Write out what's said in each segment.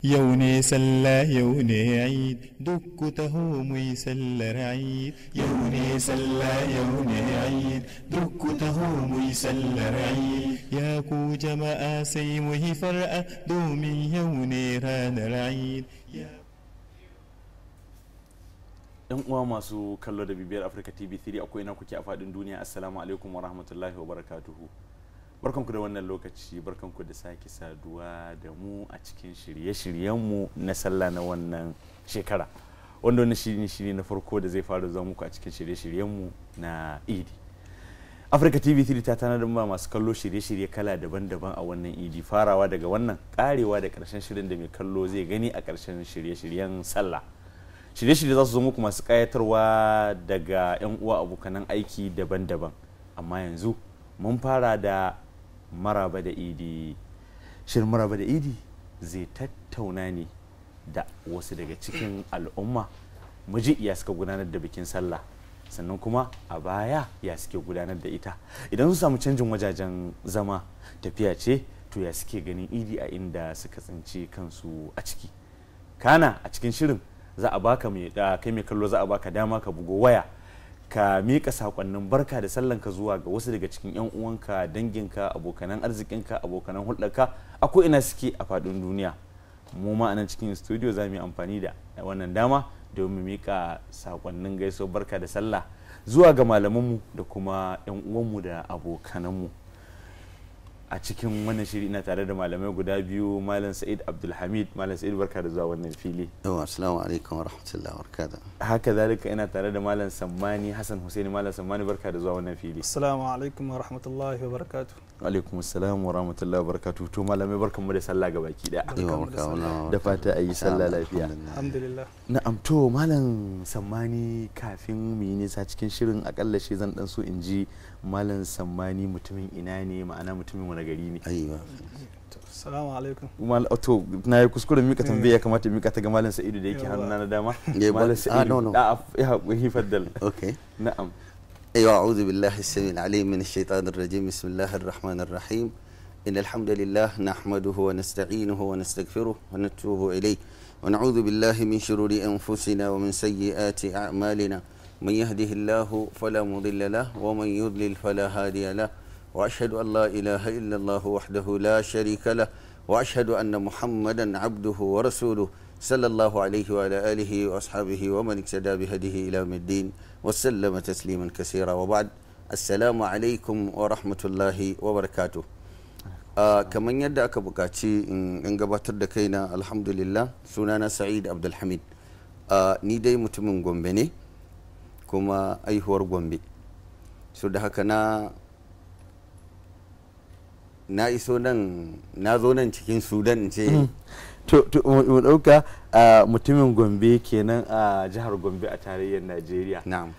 يوني سلا يوني عيد دكته ميسل رعيد يوني سلا يوني عيد دكته ميسل رعيد يا كو جماعة سيمه فرأة دومي يوني ران رعيد yan uwa masu kallo da bibiyar afirka tv 3 akwai na kuke a faɗin duniya assalamu alaikum wa rahmatullahi wa barakatuhu barkan ku da wannan lokaci barkan ku da sake saduwa da mu a cikin shirye-shiryenmu na sallah na wannan shekara wanda wani shiri shiri na farko da zai fara zuwa muku a cikin shirye-shiryenmu na idi afirka tv 3 ta tanar ba masu kallo shirye-shirye kala daban-daban a wannan idi farawa daga wannan karewa da karshen shirin da mai kallo zai gani a karshen shirye-shiryen sallah shirye-shirye za su zo muku masu kayatarwa daga 'yan uwa abokanan aiki daban-daban amma yanzu mun fara da maraba da idi shirin maraba da idi zai tattauna ne da wasu daga cikin al'umma muji ya suka gudanar da bikin sallah sannan kuma a baya ya suke gudanar da ita idan su samu canjin wajajen zama tafiya ce to ya suke ganin idi a inda suka tsinci kansu a ciki kana a cikin shirin za a baka mai mai kallo za a baka dama ka bugo waya ka mika sakonnin barka da sallanka zuwa ga wasu daga cikin 'yan uwanka danginka abokanan arzikinka abokanan hulɗarka a ina suke a faɗin duniya mu ma anan cikin studio za mu yi amfani da wannan dama domin mika sakonnin gaisuwar barka da sallah zuwa ga malamanmu da kuma 'yan uwanmu da abokananmu a cikin wannan shiri ina tare da malamai guda biyu malam sa'id abdulhamid malam sa'id barka da zuwa wannan fili yawa assalamu alaikum wa rahmatullahi wa barakatuh haka zalika ina tare da malam sammani hasan hussein malam sammani barka da zuwa wannan fili assalamu alaikum wa rahmatullahi wa barakatuh alaikum assalam wa rahmatullahi wa barakatuh to malamai barkan mu da sallah gabaki daya da fata ayi sallah lafiya alhamdulillah na'am to malam sammani kafin mu yi nisa cikin shirin akalla shi zan dan so in ji malam sammani mutumin ina ne ma'ana mutumin wani gari ne aiwa assalamu alaikum mal to na yi kuskure mika tambaya kamata mika ta ga malam sa'idu da yake hannuna na dama malam sa'idu ya hi faddal okay na'am ايوه اعوذ بالله السميع العليم من الشيطان الرجيم بسم الله الرحمن الرحيم ان الحمد لله نحمده ونستعينه ونستغفره ونتوب اليه ونعوذ بالله من شرور انفسنا ومن سيئات اعمالنا من يهده الله فلا مضل له ومن يضلل فلا هادي له وأشهد أن لا إله إلا الله وحده لا شريك له وأشهد أن محمدا عبده ورسوله صلى الله عليه وعلى آله وأصحابه ومن اقتدى بهديه إلى الدين وسلم تسليما كثيرا وبعد السلام عليكم ورحمة الله وبركاته kamar yadda aka bukaci in gabatar da kaina alhamdulillah sunana sa'id abdulhamid ni dai mutumin gombe ne kuma aihuwar gombe so da haka na na iso nan na zo nan cikin sudan ce mm. to mu dauka mutumin gombe kenan a jihar gombe a tarayyar najeriya na'am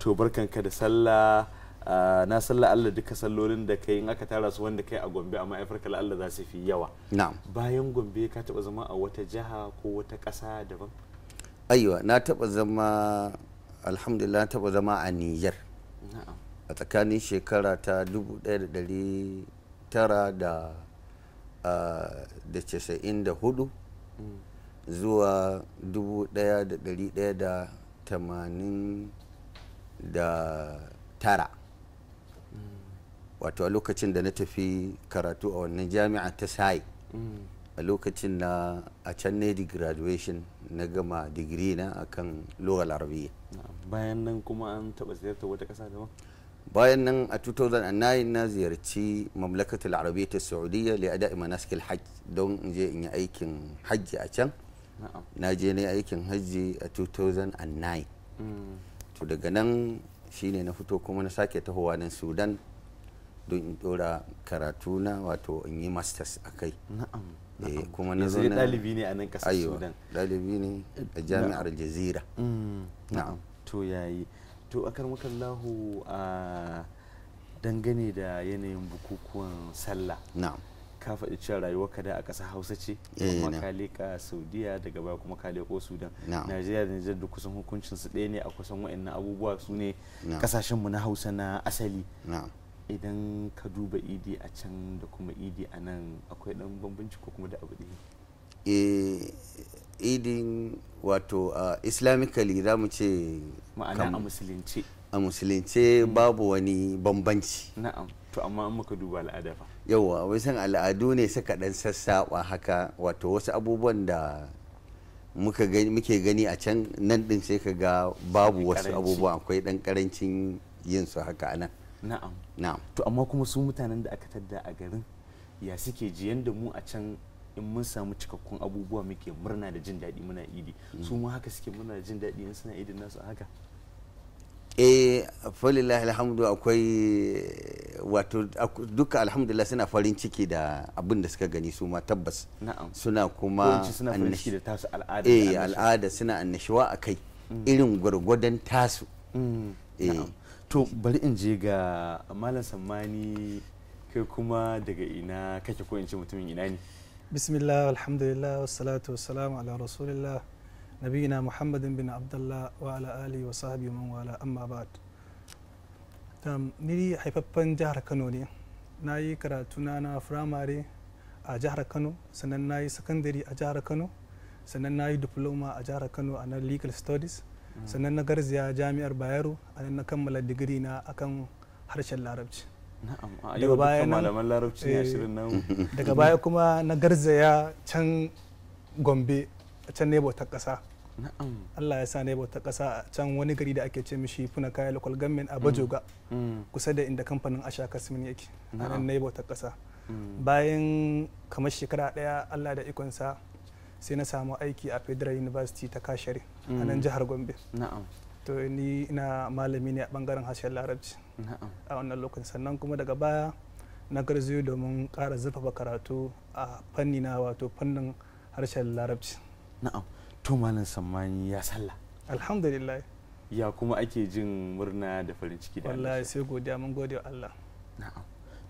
to barkanka da sallah na sallah Allah duka sallolin da kai in aka tara su wanda kai a Gombe amma ya farka Allah za su fi yawa bayan Gombe ka taba zama a wata jiha ko wata ƙasa daban aiwa na taba zama alhamdulillah taɓa zama a Nijar a tsakanin shekara ta 1994 zuwa da tara wato a lokacin da na tafi karatu a wannan jami'a ta sai a lokacin na a can ne di graduation na gama digiri na akan lokal arabiya bayan nan kuma an taɓa ziyartar wata ƙasa daban bayan nan a 2009 na ziyarci mamlakatul arabiya ta saudiya li ada manasikil hajj don in je in yi aikin hajji a can na je ne aikin hajji a 2009 hmm. to daga nan shine na fito kuma na sake tahowa nan sudan don in dora karatu na wato in yi masters a kai eh, kuma na zo na ne a nan ƙasar sudan ɗalibi ne a jami'ar jazira na'am so yayi to akar makallahu a dangane da yanayin bukukuwan sallah ka faɗi cewa rayuwar ka da a ƙasa hausa ce kuma eh, ka leƙa saudiya daga baya kuma ka leƙo sudan najeriya da nijar da kusan hukuncin su ɗaya ne a kusan wa'annan abubuwa su ne ƙasashen mu na hausa na asali idan ka duba idi a can da kuma idi a nan akwai ɗan bambanci ko kuma da abu ɗaya eh, idin wato uh, islamically za mu ce ma'ana a Musulunci. a Musulunci mm. babu wani bambanci na'am to amma an muka duba al'ada fa yawa wai san al'adu ne suka dan sassaɓa haka wato wasu abubuwan da muka gani muke gani a can nan din sai ka ga babu wasu abubuwa akwai dan karancin yin su haka anan na'am na'am to amma kuma su mutanen da aka tadda a garin ya suke ji yanda mu a can in mun samu cikakkun abubuwa muke murna da jin daɗi muna idi su ma haka suke murna da jin daɗi in suna idin nasu haka eh falilah alhamdu akwai wato duka alhamdulillah suna farin ciki da abin da suka gani su ma tabbas suna kuma eh al'ada suna annashuwa a kai mm. irin gwargwadon tasu mm. eh. to bari in je ga malam sammani kai kuma daga ina kake ko in ce mutumin ina ne bismillah alhamdulillah wassalatu wassalamu ala rasulillah nabiyina muhammad bin abdullah wa ala ali wa sahabi man wala amma ba'd ni haifaffen jihar kano ne na yi karatuna na firamare a jihar kano sannan na yi sakandare a jihar kano sannan na yi diploma a jihar kano a nan legal studies mm. sannan na garziya jami'ar bayero a na kammala digiri na akan harshen larabci Eh, daga baya malaman larabci kuma na garzaya can gombe can nebo ta kasa Allah ya sa nebo ta kasa a can wani gari da ake ce mishi funa kaya local government a mm. bajoga mm. kusa da inda kamfanin ashaka simin yake a nan nebo ta kasa mm. bayan kamar shekara daya Allah da ikonsa sai na samu aiki a federal university ta kashare a nan jihar gombe to ni ina malami ne a bangaren harshen larabci a wannan lokacin sannan kuma daga baya na garzayo domin kara zurfafa karatu a fanni na wato fannin harshen larabci na'am to malam sammani ya sallah alhamdulillah ya kuma ake jin murna da farin ciki da Allah sai godiya mun gode wa Allah na'am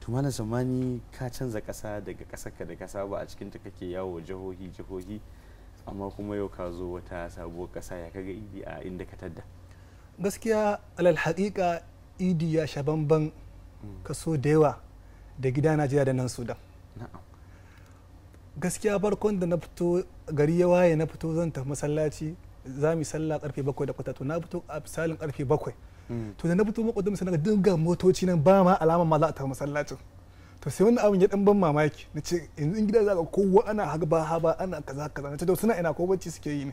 to malam sammani ka canza kasa daga ka da kasa ba a cikin ta kake yawo jihohi jihohi amma kuma yau ka zo wata sabuwar kasa ya kaga a inda ka tadda gaskiya alal haƙiƙa idi ya sha bamban kaso da yawa da gida najeriya da nan sudan gaskiya farkon da na fito gari ya waye na fito zan tafi masallaci za mu sallah karfe bakwai da kwata to na fito a misalin karfe bakwai hmm. to da na fito makwadin don na dinga motoci nan ba ma alama ma za a tafi masallacin to sai wani abin ya dan ban mamaki na ce yanzu in gida za ka kowa ana haba ana kaza kaza na ce to suna ina ko bacci suke yi ne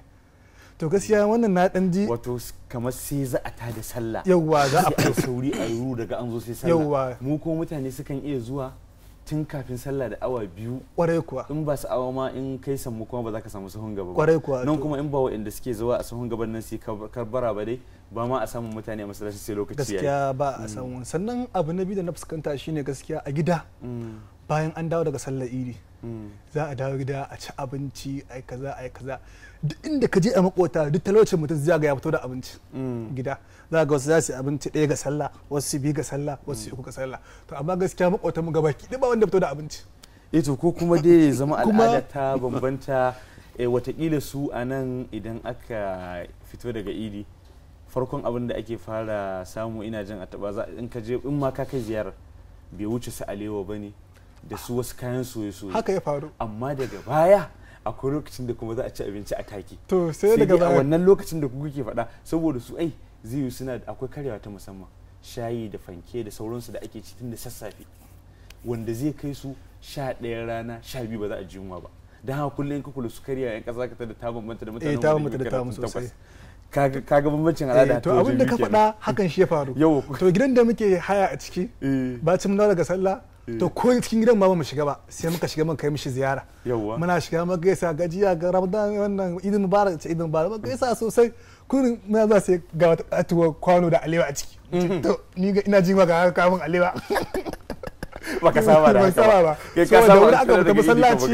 to gaskiya wannan na dan ji wato kamar sai za a ta da sallah yawwa za a fara sauri a ruru daga an zo sai sallah yawwa mu ko mutane sukan iya zuwa tun kafin sallah da awa biyu kwarai kuwa in ba su awa ma in kai sammu kuma ba za ka samu sahun gaba ba kwarai kuwa nan kuma in ba inda suke zuwa a sahun gaban nan su karbara ba dai ba ma a samu mutane a masallaci sai lokaci yayi gaskiya ba a mm. samu sannan abu na biyu da na fuskanta shine gaskiya a gida mm. bayan an dawo daga sallar iri mm. za a dawo gida a ci abinci ai kaza ai kaza duk inda ka je a makota duk talaucin mutum zai ga ya fito da abinci mm. gida za ga wasu za su abinci ɗaya ga sallah wasu biyu ga sallah wasu uku ga sallah to amma gaskiya makotan mu ki ɗaya ba wanda fito da abinci ito e ko kuma dai zama al'ada ta bambanta eh, watakila su a nan idan aka fito daga idi farkon abin da ake fara samu ina jin a taba in ka je in ma ka kai ziyarar bai wuce su alewa ba ne da su wasu kayan soye-soye haka ya faru amma daga baya akwai lokacin da kuma za a ci abinci a taki to sai daga a wannan lokacin da kuka ke faɗa saboda su ai zai suna akwai karyawa ta musamman shayi da fanke da sauransu da ake ci tun da sassafe wanda zai kai su sha ɗaya rana sha biyu ba za a ji yunwa ba don haka kullum ka kula su karya yan ƙasa ka da ta bambanta da mutanen eh, wani da ta ka kaga bambancin al'ada eh, to abin da ka faɗa hakan shi ya faru to gidan da muke haya a ciki eh. ba cin daga sallah Eh. to ko cikin gidan ma ba mu shiga ba sai muka shiga mun kai mishi ziyara muna shiga muka gaisa gajiya ga ramadan wannan idin mubarak ce idin mubarak muka gaisa sosai Kun na za sai ga atuwa kwano da alewa a ciki mm-hmm. to ni ga ina jin maka kamun alewa baka saba da haka ba kai ka saba da aka fita masallaci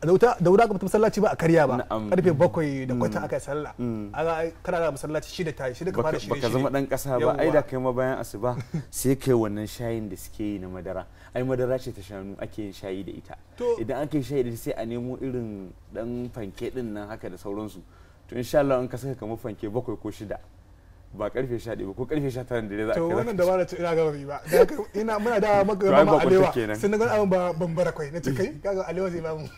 da wuta aka fita masallaci ba a karya ba karfe bakwai da kwata mm. aka yi sallah mm. aga kana da masallaci shi da tayi shi da fara shi baka zama dan kasa ba ai da kai ma bayan asuba sai kai wannan shayin da suke yi na madara ai madara ce ta shanu ake yin shayi da ita idan aka yi shayi da sai a nemo irin dan fanke din nan haka da sauransu to insha Allah in ka saka kamar fanke bakwai ko shida ba karfe 11 ba ko karfe 19 da dai za a to wannan da dabara ce ina ga bai ba ina muna da maka ga mama alewa sai na ga abin ba bambara kai na ce kai kaga alewa zai ba mu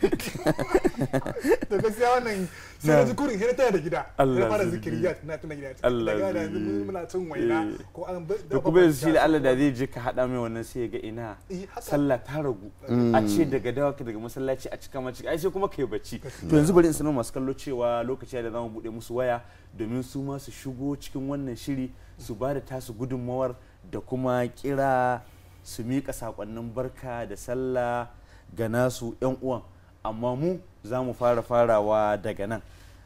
to gaskiya wannan sai yanzu kurin sai tana da gida Allah fara zikriyat na tuna gida Allah daga yanzu muna cin waina eh. ko an da kuma yanzu shi da Allah da zai je ka hada mai wannan sai ya ga ina eh, sallah ta ragu mm. a ce daga dawa ka daga masallaci a cika mace ai sai kuma kai bacci to yanzu bari in sanar masu kallo cewa lokaci da zamu bude musu waya domin su ma su shigo cikin wannan shiri su ba da tasu gudunmawar da kuma kira su miƙa sakonnin barka da sallah ga nasu 'yan uwan amma mu za mu fara farawa daga nan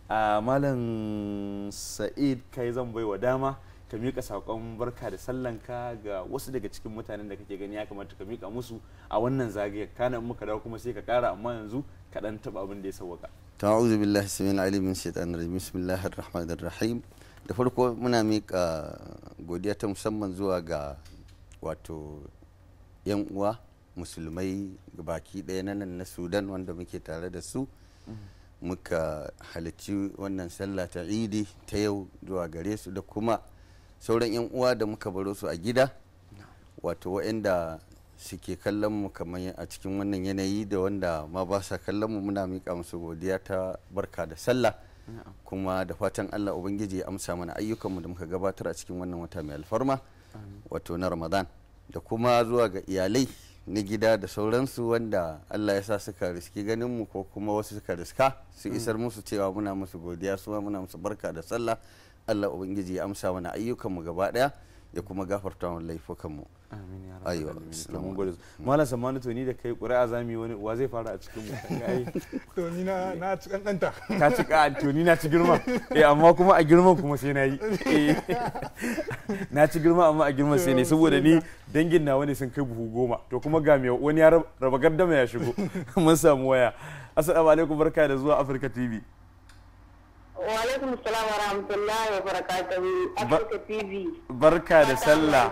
a malam sa'id kai zan baiwa dama ka miƙa saƙon barka da sallanka ga wasu daga cikin mutanen da kake gani ya kamata ka miƙa musu a wannan zagayen kana muka dawo kuma sai ka ƙara amma yanzu ka ɗan taɓa abin da ya sauwaka. ta'awuzu billahi ali min shaitan rajim bismillahir rahmanir rahim da farko muna mika godiya ta musamman zuwa ga wato yan uwa musulmai baki ɗaya na nan na sudan wanda muke tare da su. Mm-hmm. muka halarci wannan sallah ta idi ta yau zuwa gare su da kuma sauran 'yan uwa da muka baro su a gida wato wa'inda suke kallon mu kamar a cikin wannan yanayi da wanda ma ba sa kallon mu muna miƙa musu godiya ta barka da sallah kuma da fatan allah ubangiji ya amsa mana mu da muka gabatar a cikin wannan wata mai alfarma wato na ramadan da kuma zuwa ga iyalai na gida da sauransu wanda Allah ya sa suka riski ganin mu ko kuma wasu suka riska su mm. isar musu cewa muna musu godiya su muna musu barka da sallah Allah ubangiji ya amsa mana ayyukan mu gaba daya ya kuma gafarta wa laifukanmu amin ya rabu mun malam samanu to ni da kai ƙuri'a zami wani wa zai fara a cikin mu to ni na na ci ka ci ka to ni na ci girma eh amma kuma a girman kuma sai na yi eh. na ci girma amma a girma sai ne saboda ni dangin na wani sun kai buhu goma to kuma ga mai wani ya raba gardama ya shigo mun samu waya assalamu alaikum barka da zuwa africa tv Walaikum salam wa rahmatullahi wa barakatuhu. Afirka TV. Barka da sallah.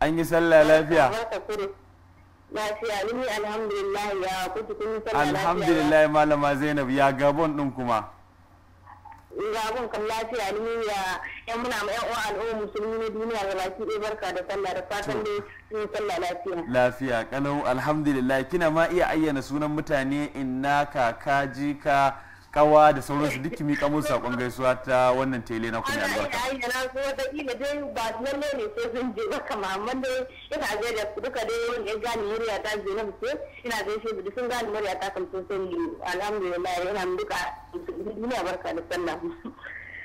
An yi sallah lafiya. Lafiya, ni alhamdulillah ya kuci kun sallah lafiya. Alhamdulillah malama Zainab ya gabon din kuma. Gabon kan lafiya ni ya yan muna ma yan uwa al'umma musulmi ne duniya da baki ɗaya barka da sallah da fatan dai sun sallah lafiya. Lafiya kalau alhamdulillah kina ma iya ayyana sunan mutane inna kaka jika kawa da sauransu duk mika kamun sakon gaisuwa ta wannan tele na kuma albarka. Ana ina na so da kila dai ba lalle ne sai sun je ba kama amma dai ina da duka dai wani ya gane murya ta je na mutum ina ga shi da sun gane murya ta kam sun sani alhamdulillah ina duka duniya barka da sallah.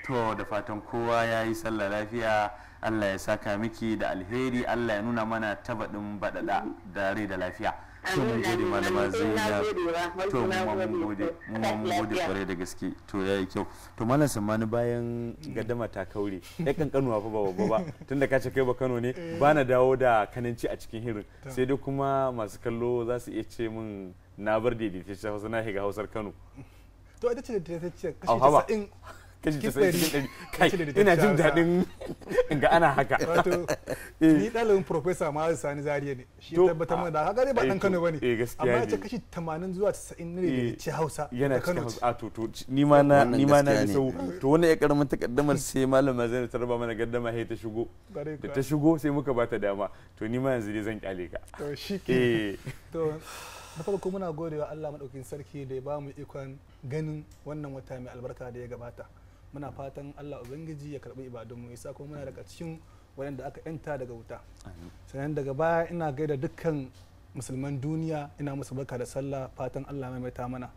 To da fatan kowa ya yi sallah lafiya Allah ya saka miki da alheri Allah ya nuna mana tabaɗin baɗaɗa da rai da lafiya. to mun gode malama zainab eh, to mun gode mun gode kwarai da gaske to yayi kyau to malam sammani bayan gadama ta kaure ya kankanuwa fa ba babba ba tunda ka ce kai ba Kano ne eh. ba na dawo da kananci a cikin hirin sai dai kuma masu kallo za su iya ce min na bar daidaitaccen Hausa na shiga Hausar Kano to ita ce 90 kashi cikin ɗari kai ina jin daɗin ga ana haka ni ɗalibin profesa ma sani zariya ne shi tabbatar mana da haka ne ba eh ɗan kano ba ne eh, amma ya ce kashi tamanin zuwa casa'in ne da eh, ci hausa yana cikin hausa a ah, to ni ma na ni ma na so to wannan ya karamin takaddamar sai malama zai ta raba mana gaddama sai ta shigo da ta shigo sai muka ba ta dama to ni ma yanzu dai zan kyale ka to shi ke to na farko muna godewa Allah madaukakin sarki da ya ba mu ikon ganin wannan wata mai albarka da ya gabata muna fatan Allah ubangiji ya karbi ibadun mu. Isa kuma muna daga cikin waɗanda aka yanta daga wuta sannan daga baya ina gaida dukkan musulman duniya ina musu barka da sallah fatan Allah mai maita mana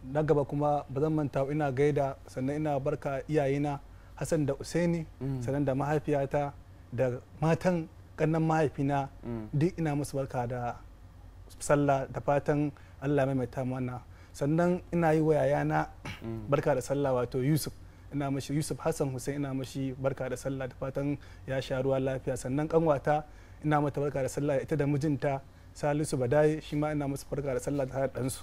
na gaba kuma ba zan manta ina gaida sannan ina barka iyayena Hassan da Usaini mm. sannan da mahaifiyata da matan kannan mahaifina mm. duk ina musu barka da sallah da fatan Allah mai maita mana sannan ina yi wa yayana mm. barka da sallah wato yusuf ina mashi yusuf hassan hussein ina mashi barka da sallah da fatan ya sha ruwa lafiya sannan kanwata ina mata barka da sallah ita da mijinta salisu badai shi ma ina masu barka da sallah da ɗansu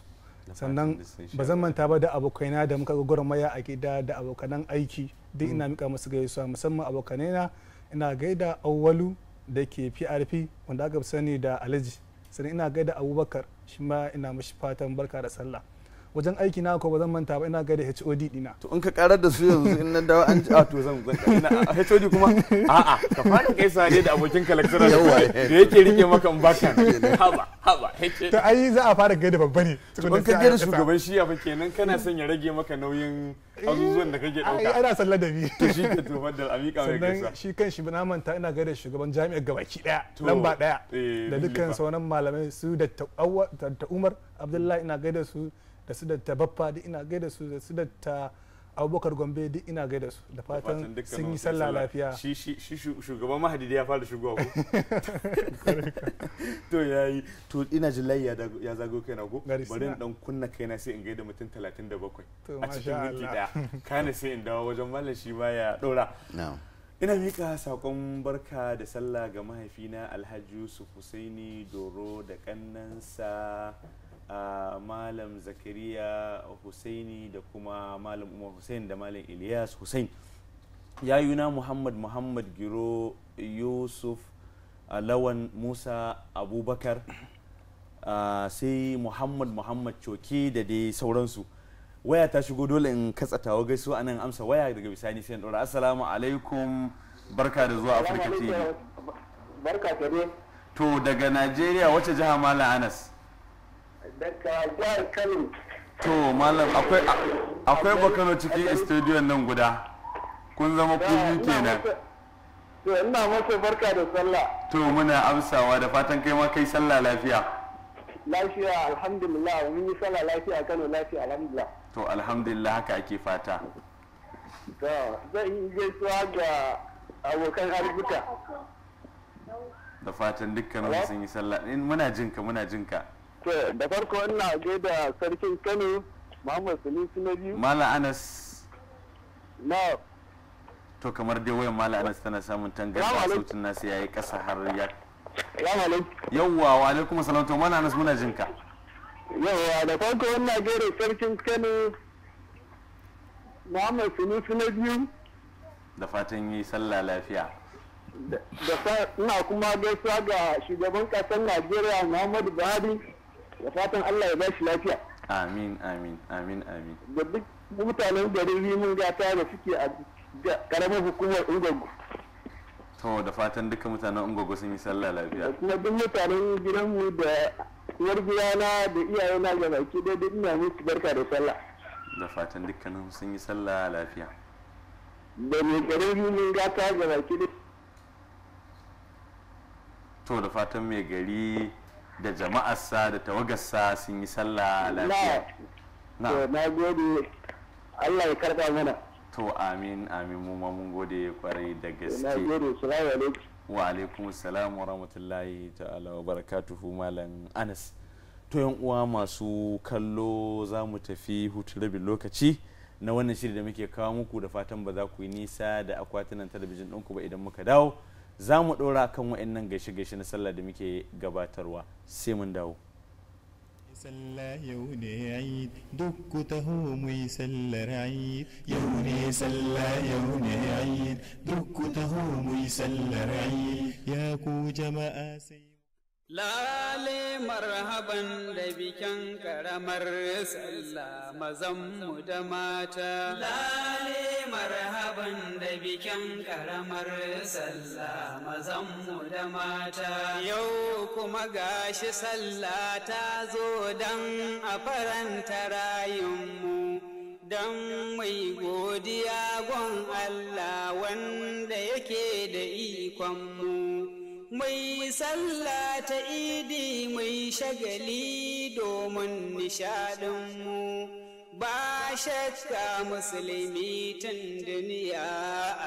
sannan ba zan manta ba da abokaina da muka maya a gida da abokanan aiki duk ina mm. mika musu gaisuwa musamman abokanaina ina gaida awwalu da ke prp wanda aka sani da alhaji sannan ina gaida abubakar shi ma ina mashi fatan barka da sallah wajen aiki na ko ba zan manta ba ina gaida HOD dina to in ka karar da su yanzu in nan dawo an a ah, to zan zan ina HOD ah, kuma a'a ka fara kai sare da abokin ka yawa da yake rike maka bakan haba haba to ai za a fara gaida babba ne to in ka gaida shugaban shi ya fa kenan kana son ya rage maka nauyin azuzuwan da kake dauka eh, ai ana sallar da bi to shi ka to faddal amika mai gaisa shi kan shi na manta ina gaida shugaban jami'ar gabaki daya lamba daya eh, da dukkan sauran malamai su da ta Umar Abdullahi ina gaida su da su da baffa duk ina gaida su da su da ta abubakar gombe duk ina gaida su da fatan sun yi sallah lafiya shi shugaban mahadi ya fara shigowa ku to yayi to ina jin ya zago na ko bari in dan kunna kai na sai in gaida mutum 37 a cikin minti daya kana sai in dawo wajen mallam shi ba ya dora ina mika sakon barka da sallah ga mahaifina alhaji yusuf husaini doro da kannansa malam zakariya husaini da kuma malam umar hussein da malam ilyas husain yayuna muhammad muhammad giro yusuf lawan musa abubakar sai muhammad muhammad coki da dai sauransu waya ta shigo dole in gaisu gaisuwa anan amsa waya daga bisani sai ɗora assalamu alaikum barka da zuwa afirka tv barka to daga najeriya wacce jiha malam anas daga Kano. To malam akwai akwai bakano cikin studio nan guda. Kun zama kuzi kenan. To ina masa barka da sallah. To muna amsawa da fatan kai ma kai sallah lafiya. Lafiya alhamdulillah mun yi sallah lafiya Kano lafiya alhamdulillah. To alhamdulillah haka ake fata. To zan yi gaisuwa ga abokan arzika. Da fatan dukkan sun yi sallah. Muna jinka muna jinka. da farko ina gaida sarkin kano muhammad sanusi na biyu mala anas na to kamar dai wayan mala anas tana samun tangarda sautin nasu yayi kasa har ya yawwa wa alaikum salam to mala anas muna jinka yawwa da farko ina gaida sarkin kano muhammad sanusi na biyu da fatan yi sallah lafiya da ina kuma gaisuwa ga shugaban kasar najeriya muhammadu buhari da fatan Allah ya bashi lafiya amin amin amin amin da duk mutanen garin rimin gata da suke a karamar hukumar ungogo to da fatan duka mutanen ungogo sun yi sallah lafiya da kuma duk mutanen gidanmu da uwar gidana da iyayena ga baki da duk ina musu barka da sallah da fatan dukkanin sun yi sallah lafiya da mai garin rimin gata ga baki da. to da fatan mai gari da jama'arsa da tawagarsa sun yi sallah lafiya na na gode Allah ya karɓa mana to amin amin mu mun gode kwarai da gaske wa alaikum salam wa rahmatullahi ta'ala wa barakatuhu malam Anas to yan uwa masu kallo za mu tafi hutu rabin lokaci na wannan shirin da muke kawo muku da fatan ba za ku yi nisa da akwatunan talabijin ɗinku ba idan muka dawo za mu ɗora kan wa'annan gaishe-gaishe na sallah da muke gabatarwa sai mun dawo sallah yau ne aid duk taho mai sallar aid yau ne sallah yau ne aid duk taho mai sallar aid ya ku jama'a sai Lale marhaban da bikin karamar sallah mazan mu da mata. Lale marhaban da bikin karamar sallah mazanmu da mata yau kuma gashi sallah ta zo don a faranta rayunmu don mai godiya gon Allah wanda yake da ikonmu mai sallah ta idi mai shagali domin nishadinmu ba shakka musulmi tun duniya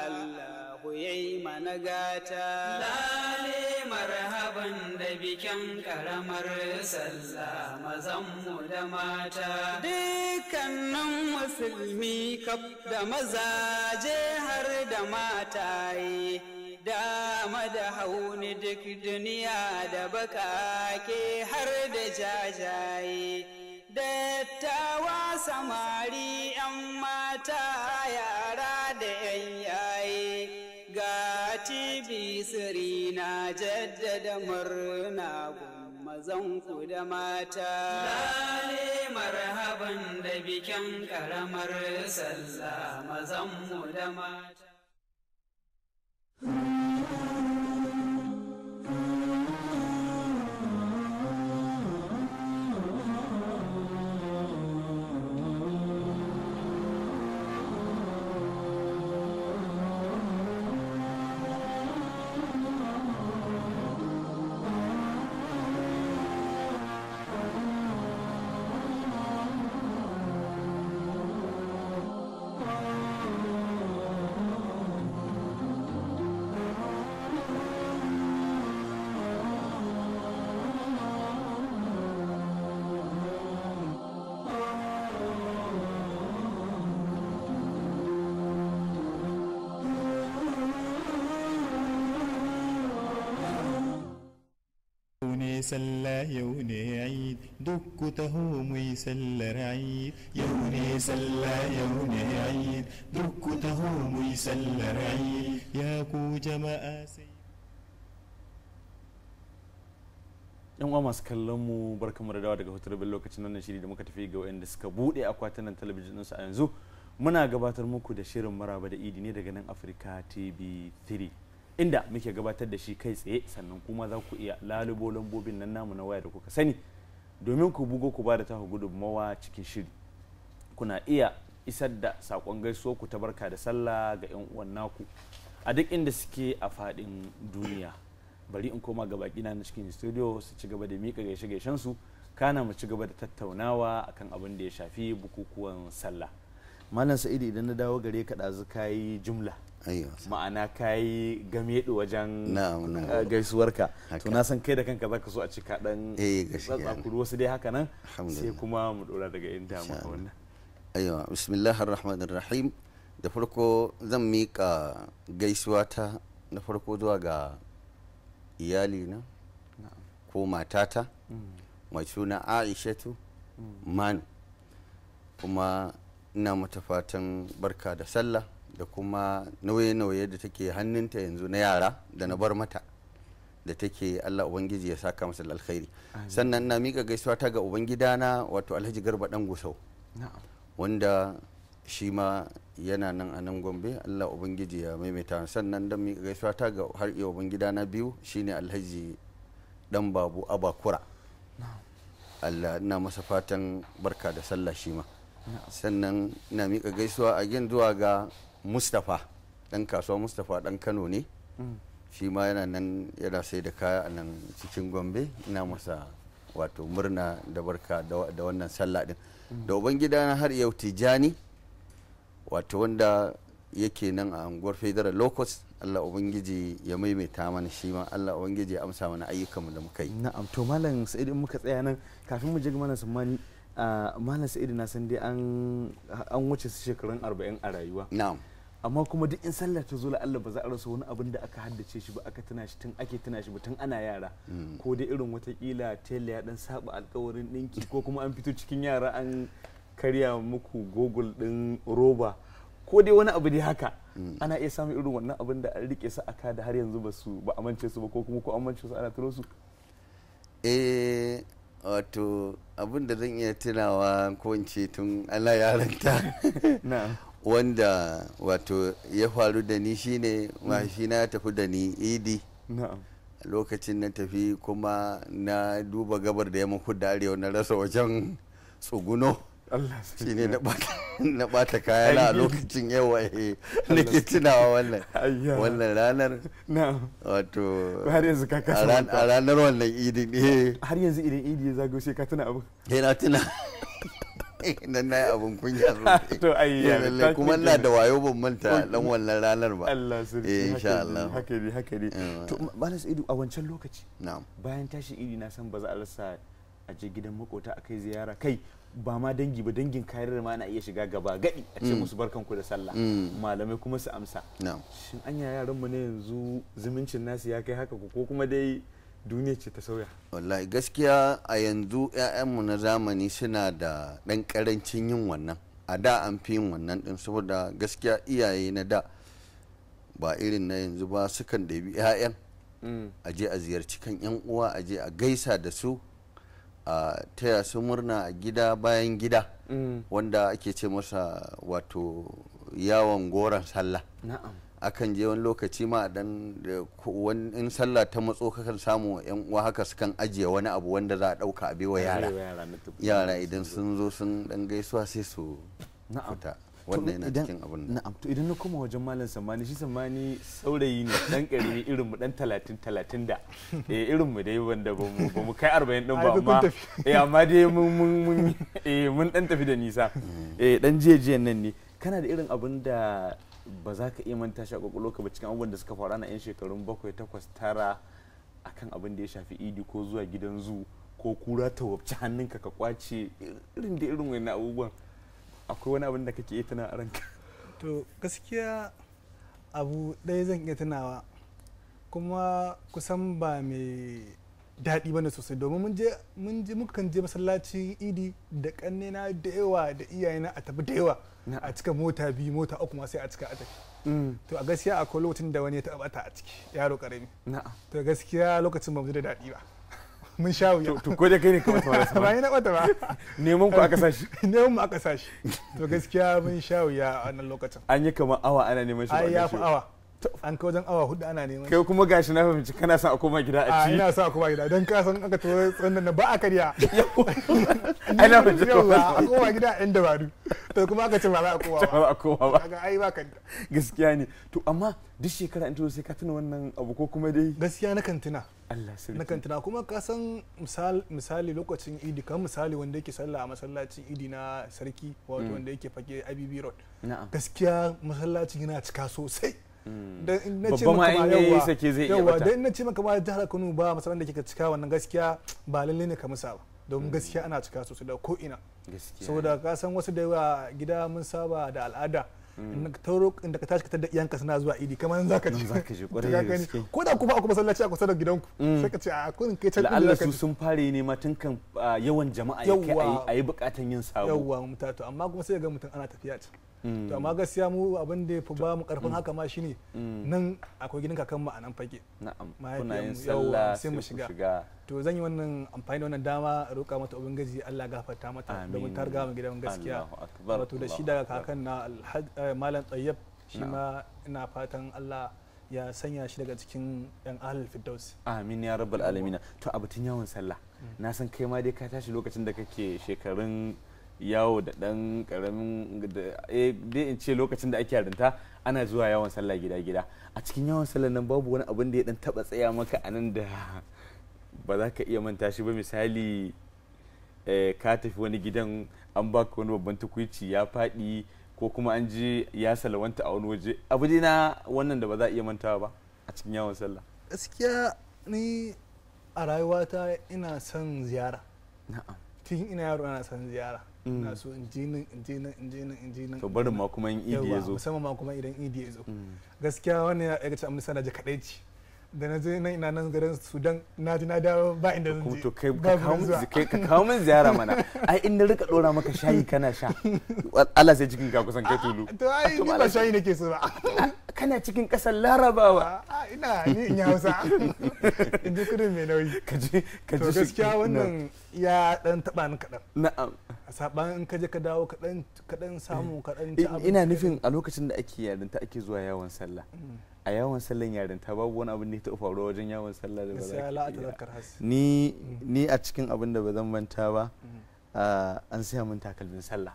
Allah ya yi mana gata. Lale marhaban da bikin karamar sallah mazanmu da mata. Dukkanin musulmi kaf da je har da mataye. dama da hauni duk duniya da baka ke har da jajaye dattawa samari ‘yan mata yara da ‘yan yaye ga tibi siri na jaddada murna ku da mata. Lale marhaban da bikin karamar sallah mu da mata. sallah yan uwa masu kallon mu barkamu da dawa daga hotar bin lokacin nan shiri da muka tafi ga wayanda suka bude akwatunan talabijin ɗinsu a yanzu muna gabatar muku da shirin maraba da idi ne daga nan afirka tv 3 inda muke gabatar da shi kai tsaye sannan kuma za ku iya lalubo lambobin nan namu na waya da kuka sani domin ku bugo ku ba da taku gudunmawa cikin shiri kuna iya isar da saƙon gaisuwa ku ta barka da sallah ga 'yan uwan naku a duk inda suke a faɗin duniya bari in koma ga baki na cikin studio su ci gaba da miƙa gaishe gaishen su kana mu ci gaba da tattaunawa akan abin da ya shafi bukukuwan sallah malam sa'idu idan na dawo gare ka ɗazu ka jumla ma'ana ka yi game wajen eh, gaisuwarka to na san kai da kanka zaka so a ci ka dan eh, tsakuru wasu dai haka nan sai kuma mu dora daga inda mu wannan aiwa bismillahir rahmanir rahim da farko zan miƙa gaisuwa ta na farko zuwa ga iyalina ko matata mm. mai suna aishatu mm. man kuma ina mata fatan barka da sallah da kuma nauye-nauye da take hannunta yanzu na yara da na bar mata da take Allah Ubangiji ya saka masa alkhairi sannan na mika gaisuwa ta ga ubangidana wato Alhaji Garba dan Gusau wanda shi ma yana nan a nan Gombe Allah Ubangiji ya maimaita sannan dan mika gaisuwa ta ga har iya ubangidana biyu shine Alhaji dan Babu Abakura Allah ina masa fatan barka da sallah shi ma sannan na mika gaisuwa a zuwa ga mustapha dan kasuwa mustapha dan kano ne mm. shi ma yana nan yana sai da kaya a nan cikin gombe ina masa wato murna da barka da wannan sallah din mm. da ubangida na har yau tijani wato wanda yake nan a unguwar federal locus allah ubangiji ya maimaita mana shi ma allah ubangiji ya amsa mana ayyukanmu da muka yi na'am to malam sa'id in muka tsaya nan kafin mu ji malam sumani ah, malam sa'id na san dai an wuce shekarun arba'in a rayuwa na'am amma kuma duk in sallar ta zo la Allah ba za a rasa wani abin da aka haddace shi ba aka tuna shi tun ake tuna shi ba tun ana yara hmm. ko da irin watakila tela ya dan saba alkawarin ɗinki ko kuma an fito cikin yara an karya muku gogul ɗin roba ko dai wani abu dai haka hmm. ana iya samun irin wannan abin da an rike su aka da har yanzu ba su ba amince su ba ko kuma ko amince su ana turo su eh wato abin da zan iya tunawa ko in ce tun Allah ya ranta wanda wato ya faru da ni shine mahaifina ya tafi da ni idi lokacin na tafi kuma na duba gabar da ya kudu arewa na rasa wajen tsuguno shi ne na bata kaya na lokacin yawa eh, eh. na ke tunawa wannan wannan ranar wato a ranar wannan idin eh. har yanzu idan idi ya zago ka tuna abu na tuna nan na yi abin kunya ah, sosai to ai eh, kuma ina da wayo ban manta dan wannan ranar ba Allah sirri eh, insha Allah haka ne haka ne eh, to malam idu a wancan lokaci na'am bayan tashi idi na san ba za a rasa a je gidan makota a kai ziyara kai ba ma dangi ba dangin kayar ma na iya shiga gaba gadi a ce mm. musu barkan ku da sallah mm. malamai kuma su amsa shin anya yaran mu ne yanzu zumuncin nasu ya kai haka ko kuma dai duniya ce ta sauya wallahi gaskiya a yanzu 'ya'yanmu na zamani suna da ɗan ƙarancin yin wannan a da an fi yin wannan ɗin saboda gaskiya iyaye na da ba irin na yanzu ba sukan ɗabi 'ya'yan mm. a je a ziyarci kan 'yan uwa a je a gaisa da su a taya su murna a gida bayan gida mm. wanda ake ce masa wato yawon goron sallah na'am akan je wani lokaci ma dan in sallah ta matso kakan samu yan uwa haka sukan ajiye wani abu wanda za a dauka a wa yara yara idan sun zo sun dan gaisuwa sai su fita wannan yana cikin abin da na'am to idan na koma wajen malam samani shi samani saurayi ne dan karimi irin mu dan 30 30 da eh irin mu dai wanda ba mu kai 40 din ba amma eh amma dai mun mun eh mun dan tafi da nisa mm. eh dan jejeyen nan ne kana da irin abin da ba za ka iya manta shi a ka ba cikin abubuwan da suka faru na 'yan shekarun bakwai takwas tara akan abin da ya shafi idi ko zuwa gidan zu ko kura ta wabci hannunka ka kwace irin da irin wani abubuwan akwai wani abin da kake iya tana a ranka to gaskiya abu ɗaya zan iya tunawa kuma kusan ba mai daɗi bane sosai domin mun je mun je mukan je masallacin idi da ƙannena da yawa da iyayena a tafi da yawa a cika mota biyu mota uku ma sai a cika a tafi mm. to a gaskiya akwai lokacin da wani ya taba ta a ciki yaro karami to gaskiya lokacin ba mu da daɗi ba mun sha wuya to ko da kai ne ka bata ba na bata ba neman ku aka sashi neman mu aka sashi to gaskiya mun sha wuya a wannan lokacin an yi kamar awa ana neman shi ba ai ya fi awa an kawo wajen awa hudu ana neman kai kuma gashi na fahimci kana son a koma gida a ci ina son a koma gida don ka san aka tura tsandan ba a kariya ai na fahimci ba a koma gida yan dabaru to kuma aka ce ba za a koma ba a koma ba ga ai ba ka gaskiya ne to amma duk shekara in to sai ka tuna wannan abu ko kuma dai gaskiya na kan tuna Allah sirri na kan tuna kuma ka san misali lokacin idi kan misali wanda yake sallah a masallacin idi na sarki wato mm. wanda yake fage abibi road gaskiya masallacin yana cika sosai Hmm. da in na ce maka ma yawa yawa da in na ce maka ma jihar Kano ba masalan da kika cika wannan gaskiya ba lalle ne ka musa ba don hmm. gaskiya ana cika sosai da ko ina saboda ka san wasu da yawa gida mun saba da al'ada hmm. inda ka tashi ka tada iyanka suna zuwa idi kamar za Zaka ji ko da kuma akwai masallaci a kusa da gidanku sai ka ce a kun kai can Allah su sun fare ne ma tun kan yawan jama'a yake ayi bukatan yin sabo yawa mutato amma kuma sai ga mutum ana tafiya ta. Mm. to amma gaskiya mu abin da ya fi ba mu karfin mm. haka ma shine mm. nan akwai gidan kakan mu a nan fage na'am kuna yin sallah sai mu shiga to zan yi wannan amfani da wannan dama roƙa mata ubangiji Allah gafarta mata domin ta riga mu gidan gaskiya wato da shi daga kakan na eh, malam tsayyab shi ma ina fatan Allah ya sanya shi daga cikin yan ahlul firdaus amin ya rabbal alamin to abatin yawon sallah na san kai ma dai ka tashi lokacin da kake shekarun yawo da dan karamin da eh, in ce lokacin da ake harinta ana zuwa yawon sallah gida gida a cikin yawon sallah nan babu wani abin da ya dan taba tsaya maka a nan da ba za ka iya manta shi ba misali eh, ka tafi wani gidan an baka wani babban tukwici ya faɗi ko kuma an ji ya salawanta a wani waje abu na wannan da ba za a iya mantawa ba a cikin yawon sallah gaskiya ni a rayuwata ina son ziyara Na'am. tun ina yaro ana son ziyara ina mm. so in ji nan in ji nan in ji nan in ji nan to barin ma kuma in idi ya zo musamman ma kuma idan idi ya zo mm. gaskiya wannan ya ga ta amsa na ji kadaici da na je nan ina nan garin sudan na ji na dawo ba inda zan je ka kawo min ziyara mana ai in na rika dora maka shayi kana sha Allah sai cikin ka kusan kai tulu to ai ni ba shayi nake so ba kana cikin kasar larabawa ina ni in ya hausa in ji kudin mai nauyi ka ji ka ji gaskiya wannan ya dan taba ni kadan na'am saban in ka je ka dawo kadan kadan samu kadan ci eh, ina nufin a lokacin da ake yarinta ake zuwa yawon sallah mm. a yawon sallan yarinta babu wani abin da ta taɓa wajen yawon sallah da ba za ni mm. ni a cikin abin da ba zan manta ba mm. an siya min takalmin sallah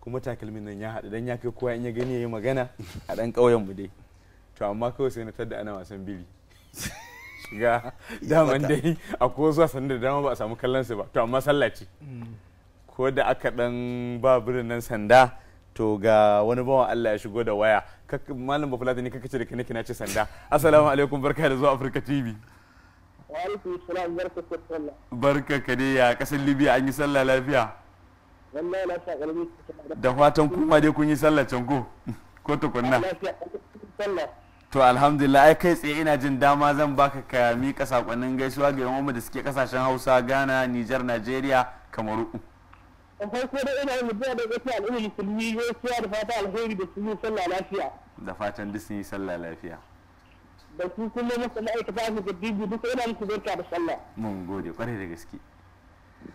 kuma takalmin nan ya haɗu dan ya kai kowa in ya gani ya yi magana a ɗan ƙauyen mu dai to amma kawai sai na tadda ana wasan bili shiga daman dai a ko zuwa sanda da dama ba a samu kallon su ba to amma sallah ce mm. ko da aka ɗan ba birnin nan sanda to ga wani bawan Allah ya shigo da waya malam bafulata ne kaka ce da kane kina ce sanda assalamu alaikum barka da zuwa Afrika TV barka ka ne ya kasar Libya an yi sallah lafiya da fatan kuma dai kun yi sallah can ko ko tukunna to alhamdulillah ai kai tsaye ina jin dama zan baka ka mika sakonnin gaisuwa ga yan uwa da suke kasashen Hausa Ghana Niger Nigeria Kamaru da farko da ina yin da gaskiya al'ummar musulmi gaskiya da fata alheri da sun yi sallah lafiya da fatan duk sun yi sallah lafiya da ku kuma masu ma'aikata su ga dubu duka ina musu barka da sallah mun gode kwarai da gaske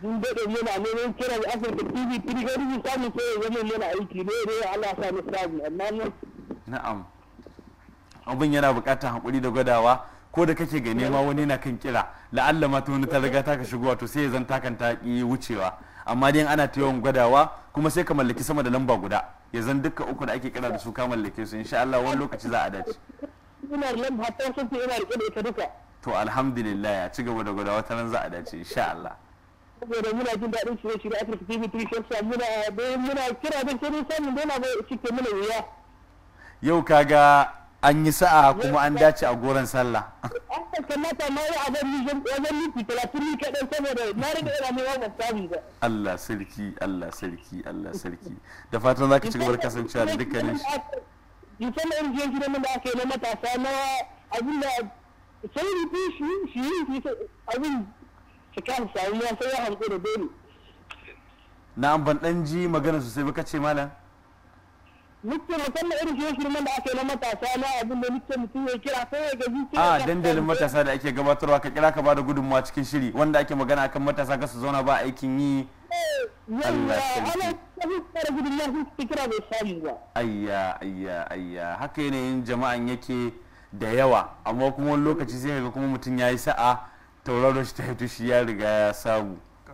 sun daɗe yana neman kiran afirka tv tv ga rubu samun sai ya ne yana aiki ne ne allah sa mu samu amma ne na'am abin yana buƙatar haƙuri da gwadawa ko da kake ga nema wani na kan kira la'alla ma ta wani ta riga ta ka shigo wato sai ya zan takanta ta wucewa amma dai ana ta yawan gwadawa kuma sai ka mallaki sama da lamba guda ya zan duka uku da ake kira da su ka mallake su insha Allah wani lokaci za a dace ina da lamba ta sun ina rike da ita duka to alhamdulillah ya ci gaba da gwadawa ta nan za a dace insha Allah saboda muna jin daɗin shirye shirye Africa TV 3 shirya muna muna kira da shirin samun dole ba shi ke muna wuya yau kaga an yi sa'a kuma an dace a goron sallah an kamata na yi abin mijin wajen miki talatin ni kaɗan saboda na riga ina mai wannan sami ba Allah sarki Allah sarki Allah sarki da fatan za ka ci gaba kasancewa da dukkanin shi yusan da irin gidan nan da aka yi na matasa na abin da sai rufi shi shi yi abin su kan sami ya sai ya hanko dole na ban ɗan ji magana sosai ba ka ce malam muke musamman irin shi shirman da ake na matasa na abin da muke mutum ya kira sai ya gaji A dandalin matasa da ake gabatarwa ka kira ka ba da gudunmawa cikin shiri wanda ake magana akan matasa ka su zauna ba aikin yi. Eh, Allah ba. Ayya ayya ayya haka yanayin jama'an yake da yawa amma kuma wani lokaci sai ga kuma mutum ya yi sa'a tauraro shi ta hito shi ya riga ya samu.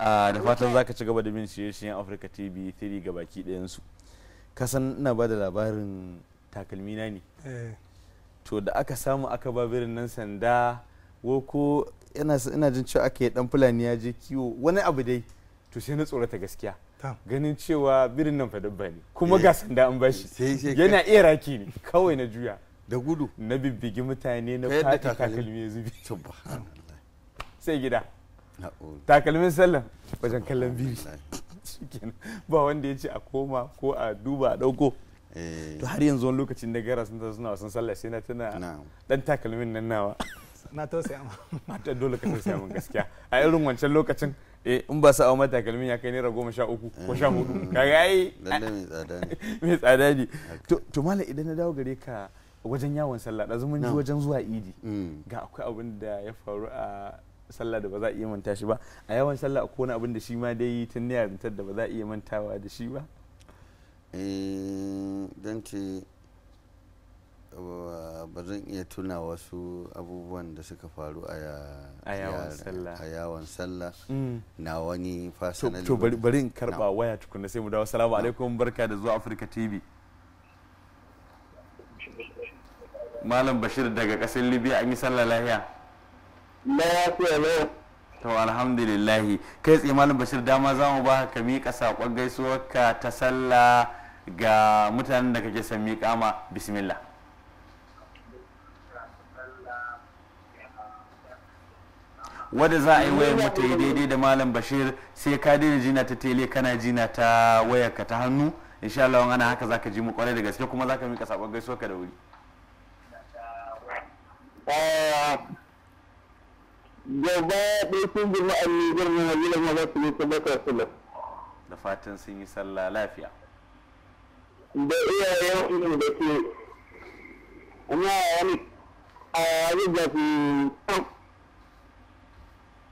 da fatan za ka ci gaba da bin shirye-shiryen afirka tv 3 ga baki ɗayansu kasan na ba da labarin takalmina ne eh. to da aka samu aka ba birin nan sanda ko ina jin cewa aka yi dan fulani ya je kiwo wani abu dai to sai na tsorata gaskiya ganin cewa birin nan fa dabba ne kuma ga eh. sanda an bashi yana iya raki ne kawai na juya da gudu na bibbigi mutane na fata takalmi ya zubi sai gida takalmin sallah wajen kallon biri ba wanda ya ce a koma ko a duba a dauko eh. to har yanzu wani lokacin da gara sun suna wasan sallah sai na tana dan takalmin nan nawa na tausaya ma ta dole ka tausaya mun gaskiya a irin wancan lokacin eh in ba sa mata takalmin ya kai naira goma sha uku ko sha hudu eh. ga ai mai tsada ne to mala idan na dawo gare ka wajen yawon sallah da mun ji wajen zuwa idi mm. ga akwai abin da ya faru a sallah da ba za a iya manta shi ba a yawan sallah ko wani abin da shi ma dai yi tun ne yarintar da ba za a iya mantawa da shi ba eh, don ce ba zan iya tuna wasu abubuwan da suka faru a yawon sallah mm. na wani fasanali to bari in karba waya tukuna sai mu dawo salamu alaikum barka da zuwa afirka tv malam bashir daga kasar libya an yi sallah lahiya lafiya lau to alhamdulillah kai tsaye malam bashir dama za mu ba ka miƙa saƙon ka ta sallah ga mutanen da kake son miƙa ma bismillah wadda za a yi wayar mu yi daidai da malam bashir sai ka daina jina ta tele kana jina ta wayarka ta hannu insha Allah ana haka zaka ji mu kwarai da gaske kuma zaka miƙa saƙon gaisuwa ka da wuri ah, gaba ɗaya sun girma a ne girma na gina ma za su yi sabata sallah da fatan sun yi sallah lafiya da iyayen ɗin da ke amma wani a yi da su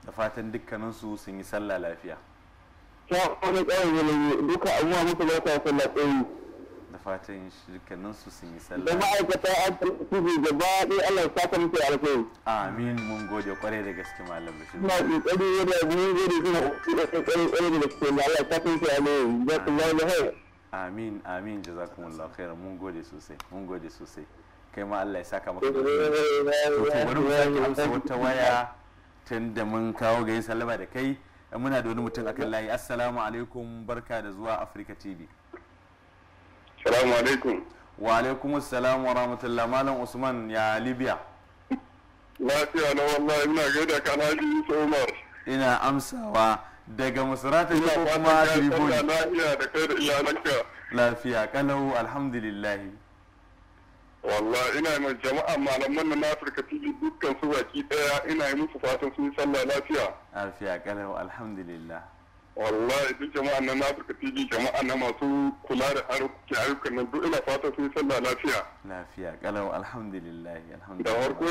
da fatan dukkaninsu sun yi sallah lafiya ta wani ƙarar duka abuwa musu ba ta sallah tsayi da fatan shirkanin su sun yi sallah da ma'aikata an tuhu gaba ɗi Allah ya saka musu alkhairi amin mun gode kwarai da gaske malam bashir ina kokari yana mun gode kuma kokari kwarai da gaske Allah ya saka musu alkhairi jazakumullahu khair amin amin jazakumullahu khairan mun gode sosai mun gode sosai kai ma Allah ya saka maka to bari mu sake amsa wata waya tun da mun kawo ga yin sallama da kai muna da wani mutum akan layi assalamu alaikum barka da zuwa Africa TV salamu alaikum wa alaikum salam wa rahmatullah malam usman ya libya lafiya na wallahi ina gaida ka alhaji yusuf umar ina amsawa daga musrata ne ko kuma tribune ina lafiya da kai da iyalanka lafiya kalau alhamdulillah wallahi ina mai jama'a malaman na afirka tv dukkan su baki daya ina yi musu fatan sun yi sallah lafiya lafiya kalau alhamdulillah wallahi duk jama'an nan Afirka TV jama'an nan masu kula da harkokin nan duk ina fata sun sallah lafiya lafiya kalau alhamdulillah alhamdulillah da farko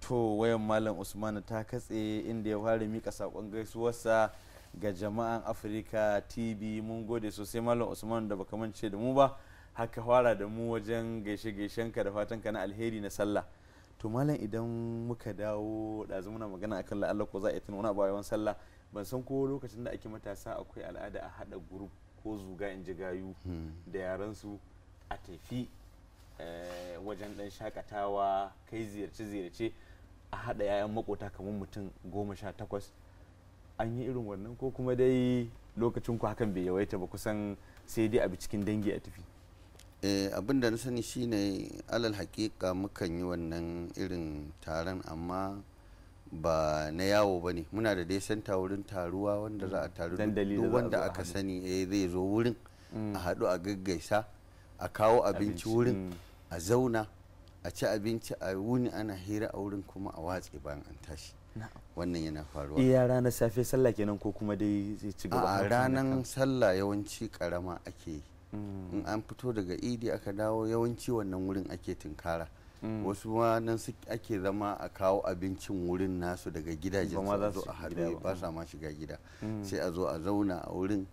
to wayan malam Usman ta katse inda ya fara mika sakon gaisuwarsa ga jama'an Afirka TV mun gode sosai malam Usman da baka mance da mu ba haka fara da mu wajen gaishe gaishen ka da fatan ka na alheri na sallah to malam idan muka dawo ɗazu muna magana akan la'alla ko za a yi tun wani sallah ban san ko lokacin da ake matasa akwai al'ada a haɗa gurup ko zuga in ji gayu hmm. da yaran su a tafi eh, wajen dan shakatawa kai ziyarce-ziyarce a hada yayan makota kamar mutum goma sha takwas an yi irin wannan ko kuma dai lokacin ku hakan bai yawaita ba kusan sai dai abi cikin dangi a tafi eh, abin da na sani shine alal hakika mukan yi wannan irin taron amma ba na yawo ba ne muna da dai santa wurin taruwa wanda za a taru duk wanda aka sani eh zai zo wurin mm. a haɗu a gaggaisa a kawo abinci wurin mm. a zauna a ci abinci a wuni ana hira a wurin kuma a watse bayan an tashi wannan yana faruwa iya eh, ranar safe sallah kenan ko kuma dai zai ci gaba a ranar sallah yawanci karama ake yi mm. in an fito daga idi aka dawo yawanci wannan wurin ake tunkara Mm. wasu ma nan ake zama a kawo abincin wurin nasu daga gidajen su zo a haɗu ba sa ma shiga gida mm. sai a zo a zauna a wurin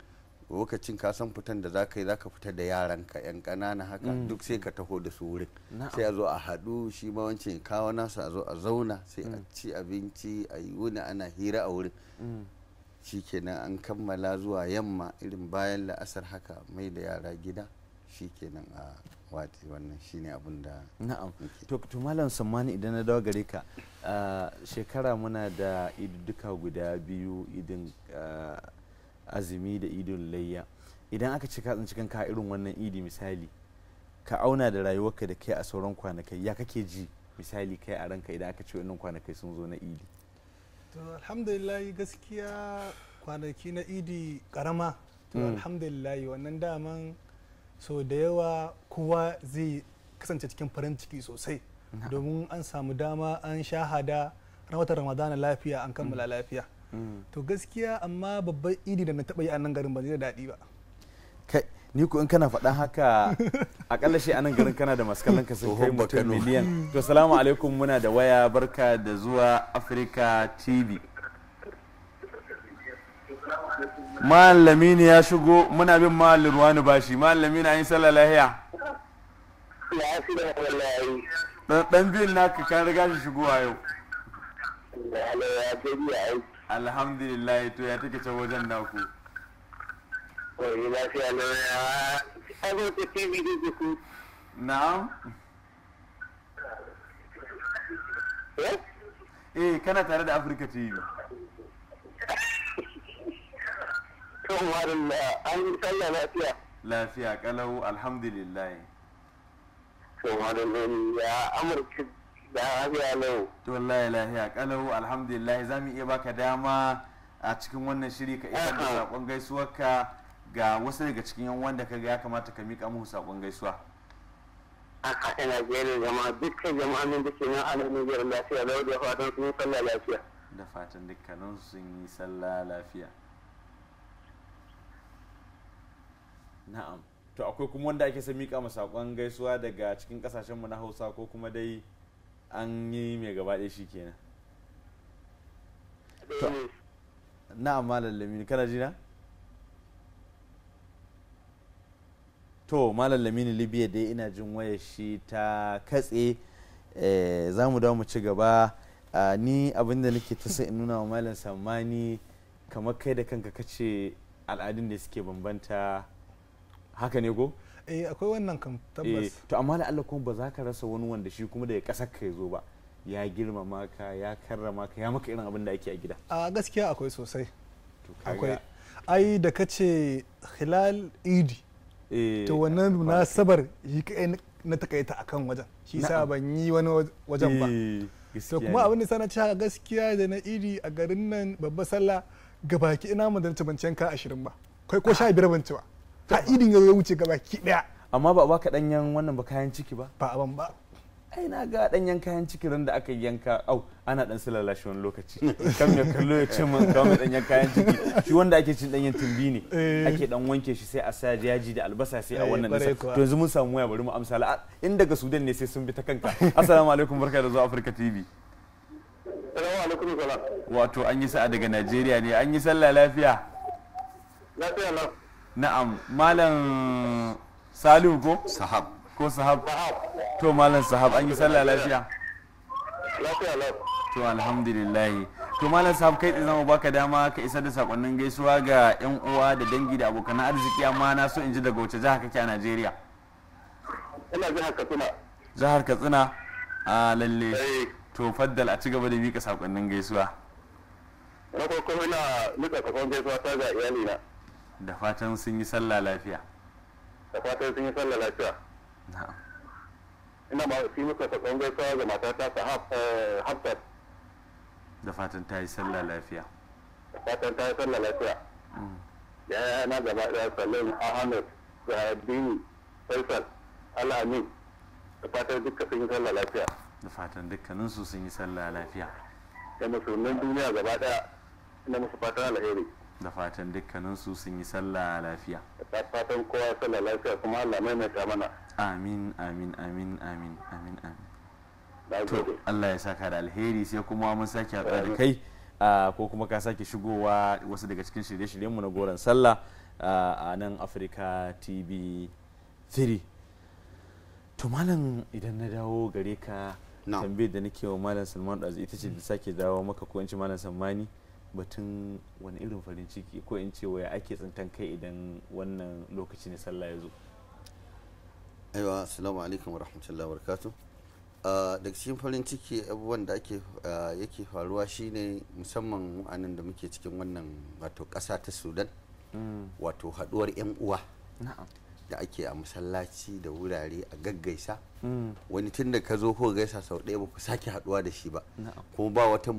lokacin ka san fitan da zaka yi zaka fita da yaran ka yan kanana haka mm. duk sai ka taho da su wurin sai a zo a haɗu shi ma wancan kawo nasu a zo a zauna sai a ci abinci a yi wuni ana hira a wurin shikenan an kammala zuwa yamma irin bayan la'asar haka mai da yara gida shi kenan a wati wannan shine abin da na'am to malam sammani idan na dawo gare ka shekara muna da idudduka guda biyu idin azumi da idin layya idan aka cika cikin ka irin wannan idi misali ka auna da rayuwarka da kai a sauran kwanakai ya kake ji misali kai a ranka idan aka ce wannan kwanakai sun zo na idi to alhamdulillah gaskiya kwanaki na idi karama to hmm. alhamdulillah wannan daman so da yawa kowa zai kasance cikin farin ciki sosai domin an samu dama an shahada na watan ramadana lafiya an kammala mm. lafiya mm. to gaskiya amma babban idi da na taba yi a nan garin ba zai daɗi ba ni ko in kana faɗa haka akalla shi nan garin kana da maskalan ka sun kai mutum miliyan to salamu alaikum muna da waya barka da zuwa afirka tv malami ne ya shigo muna bin malin ni bashi malami na yin sallah lahiya dan biyun naka kan riga shi a yau alhamdulillah to ya take can wajen naku na'am eh? eh kana tare da afirka tv an yi sallah lafiya lafiya kalau alhamdulillah to malam ya amurka da lafiya lau to wallahi lafiya kalau alhamdulillah za mu iya baka dama a cikin wannan shiri ka isa da sakon gaisuwarka ga wasu daga cikin yan wanda ka ga ya kamata ka miƙa musu saƙon gaisuwa a kaɗa Najeriya jama'a dukkan jama'an da ke nan a Najeriya lafiya lau da fatan sun yi sallah lafiya da fatan dukkanin sun yi sallah lafiya na'am to akwai kuma wanda ake sami mika ma sakon gaisuwa daga cikin kasashen na Hausa ko kuma dai an yi mai gaba ɗaya kenan na'am malam lamini kana ji na to malam lamini libya dai ina jin wayar shi ta katse eh, za mu dawo mu ci gaba ni abinda nake ta sai in nuna wa malam samani kamar kai da kanka kace al'adun da suke bambanta haka ne go eh akwai wannan kan tabbas eh, to amma da Allah kuma ba za ka rasa wani wanda shi kuma daga kasar ka zo ba ya girmama ka ya karrama ka ya maka irin abin da ake a gida a gaskiya akwai sosai akwai ai da kace hilal idi eh, to wannan munasabar yi kai na takaita akan wajen shi sa ban yi wani wajen ba to eh, kuma abin da sana ci gaskiya da na iri a garin nan babba sallah gabaki ina mu da bancen ka 20 ba kai ko 15 ah. ban ci ba ta idin ya wuce gaba ki daya amma ba a baka danyen wannan ba kayan ciki ba ba a ban ba ai na ga danyen kayan ciki ran da aka yanka au ana dan su lalashi wani lokaci kam ya kallo ya ce mun ga mai danyen kayan ciki shi wanda ake cin danyen tumbi ne eh. ake dan wanke shi sai a sa yaji da albasa sai a eh, wannan nasa to yanzu mun samu waya bari mu amsa in daga sudan ne sai sun bi ta kanka assalamu alaikum barka da zuwa afirka tv wato an yi sa'a daga najeriya ne an yi sallah lafiya lafiya lafiya na'am malam salihu ko sahab ko sahab to malam sahab an yi sallah lafiya to alhamdulillah to malam sahab kai tsaye zama baka dama ka isar da sakonnin gaisuwa ga yan uwa da dangi da abokan arziki amma na so in ji daga wace jihar kake a Najeriya ina jihar Katsina jihar Katsina a lalle eh. to faddal a ci gaba da mika sakonnin gaisuwa na farko ina mika sakon gaisuwa ta ga iyalina da fatan sun yi sallah lafiya da fatan sun yi sallah lafiya ina ma fi muka sakon sa ga mata ta eh, hafsat da fatan ta yi sallah lafiya da fatan ta yi sallah lafiya mm. ya na gaba daya salim ahmed zabini faisal alamin da fatan duka sun yi sallah lafiya da fatan dukkanin su sun yi sallah lafiya da musulmin duniya gaba daya ina musu fatan alheri da fatan dukkaninsu sun yi sallah lafiya da fatan kowa sallah lafiya kuma Allah mai mana amin amin amin amin amin amin to Allah ya saka da alheri sai kuma mun sake haɗuwa da kai ko kuma ka sake shigowa wasu daga cikin shirye mu na goron sallah a nan Africa TV 3 to malam idan na dawo gare ka tambayar da nake wa malam Salman Dazu ita ce da sake dawo maka ko in ci malam Sammani batun wani irin farin ciki ko in ce waya ake tsintan kai idan wannan lokaci ne sallah ya zo aiwa assalamu alaikum wa rahmatullahi wa ah, daga cikin farin ciki abubuwan da ah, yake faruwa shine musamman wa'annan da muke cikin wannan wato ƙasa ta sudan mm. wato haɗuwar 'yan uwa da ake a masallaci da wurare a gaggaisa mm. wani tun da ka zo ko gaisa sau ɗaya ba ku sake haɗuwa da shi ba ko ba wata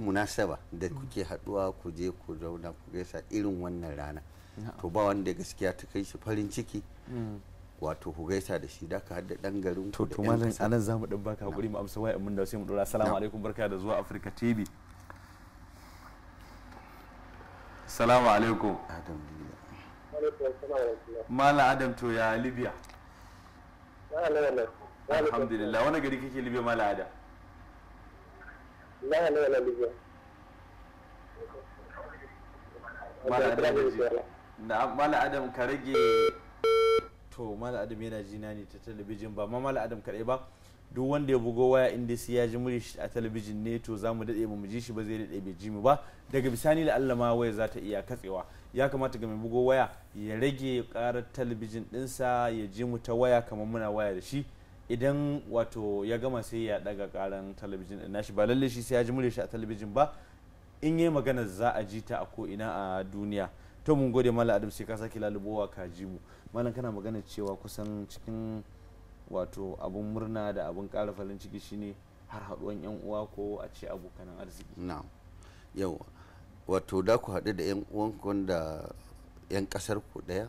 munasaba da kuke haɗuwa ku je ku zauna ku gaisa irin wannan rana to ba wanda gaskiya ta kai shi farin ciki mm. wato ku gaisa da shi da ka hada dan garin ku to malam anan zamu dan baka hakuri mu amsa waya mun da sai mu dora assalamu alaikum barka da zuwa Africa TV assalamu alaikum Malam Adam to ya Libya. Alhamdulillah wani gari kake Libya Malam Adam. Malam Adam ya ji. Na'am Adam ka rage to Malam Adam yana jina ne ta talabijin ba ma Malam Adam kaɗai ba. duk wanda ya bugo waya inda sai ya ji muri a talabijin ne to zamu mu daɗe mu ji shi ba zai dade bai ji mu ba daga bisani da Allah ma waya za ta iya katsewa ya kamata ga mai bugo waya ya rage karar talabijin ɗinsa ya ji mu ta waya kamar muna waya da shi idan wato ya gama sai ya daga karan talabijin ɗin nashi ba lalle shi sai ya ji muri shi a talabijin ba in yi magana za a ji ta a ko ina a duniya to mun gode mala adam sai ka sake lalubowa ka ji mu malam kana magana cewa kusan cikin wato abun murna da abun ƙara farin ciki shine har haɗuwan yan uwa ko a ce abokan arziki na'am yau wato da ku haɗu da yan uwanku da yan ƙasar ku ɗaya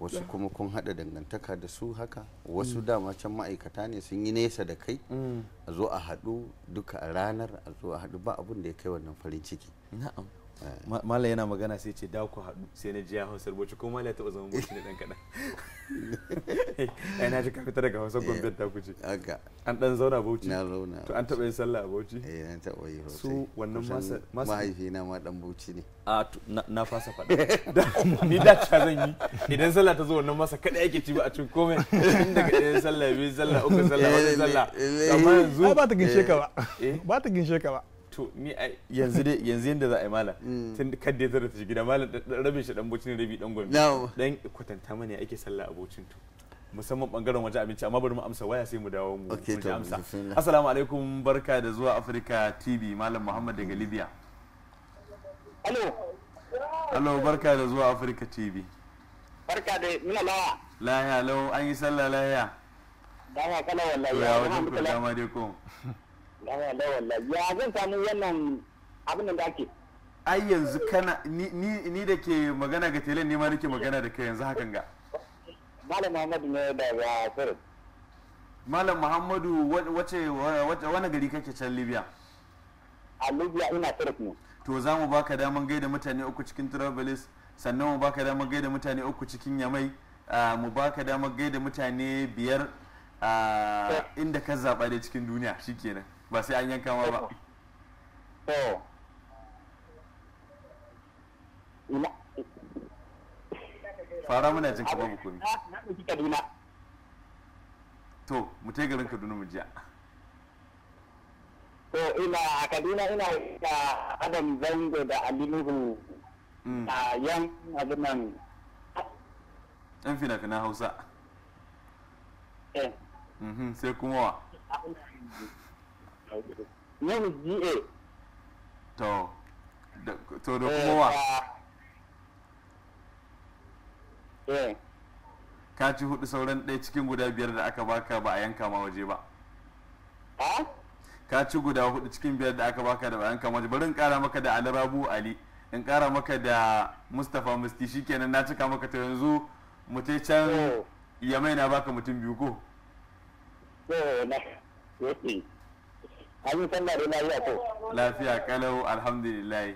wasu kuma kun haɗa dangantaka da su haka wasu mm. dama can ma'aikata ne sun yi nesa da kai mm. a zo a haɗu duka a ranar a zo a haɗu ba abun da ya kai wannan farin ciki na'am Eh. mala yana magana sai ce da ku haɗu sai na jiya hausar bauchi ko mala ya taɓa zama bauchi ne ɗan kaɗan ai na ji ka fita daga hausar gombe eh, ta kuce an ɗan zauna bauchi na zauna to an taɓa yin sallah a bauchi eh an taɓa yi sosai su wannan masa mahaifi na ma ɗan bauchi ne a na fasa faɗa ni da ta zan yi idan sallah ta zo wannan masa kaɗai ake ci ba a cikin komai tun daga ɗayan sallah biyu sallah uku sallah wani eh, sallah amma yanzu ba ta ginshe ka ba ba ta ginshe ka ba to ni a yanzu dai yanzu yanda za a yi mala mm. tun kan dai zara ta gida malam rabin shi dan bocin rabi dan gombe dan kwatanta mana ake sallah a bocin to musamman bangaren waje abinci amma bari mu amsa waya sai mu dawo mu ji amsa assalamu alaikum barka da zuwa africa tv malam muhammad daga libya alo alo barka da zuwa africa tv barka da muna lawa lahiya lau an yi sallah lahiya dama kala wallahi ya wajen ku dama dai ko ya zan samu wannan abin da ake ai yanzu kana ni da ke magana ga telen ne ma nake magana da kai yanzu hakan ga malam muhammadu ne daga kurin malam muhammadu wace wani gari kake can libya a libya ina turk ne to za mu baka daman gaida mutane uku cikin travelers sannan mu baka daman gaida mutane uku cikin yamai mu baka daman gaida mutane biyar inda ka zaɓa da cikin duniya shikenan ba sai an yanka ma ba to ina fara muna jin ka babu komi to mu tai garin kaduna mu jiya to ina a kaduna ina da adam zango da alinuhu mm. a yan abin nan yan fina-finan hausa eh. mhm, sai kuma wa ga to to da eh, kuma wa eh. ka ci hudu sauran ɗaya cikin guda biyar da aka baka ba a yanka ma waje ba ka ci guda hudu cikin biyar da aka baka da ba a yanka ma waje bari in kara maka da Rabu ali in kara maka da mustapha musti shikenan na cika maka ta yanzu mu can yamai na baka mutum biyu ko an yi sallah da lafiya ko lafiya kalau alhamdulillah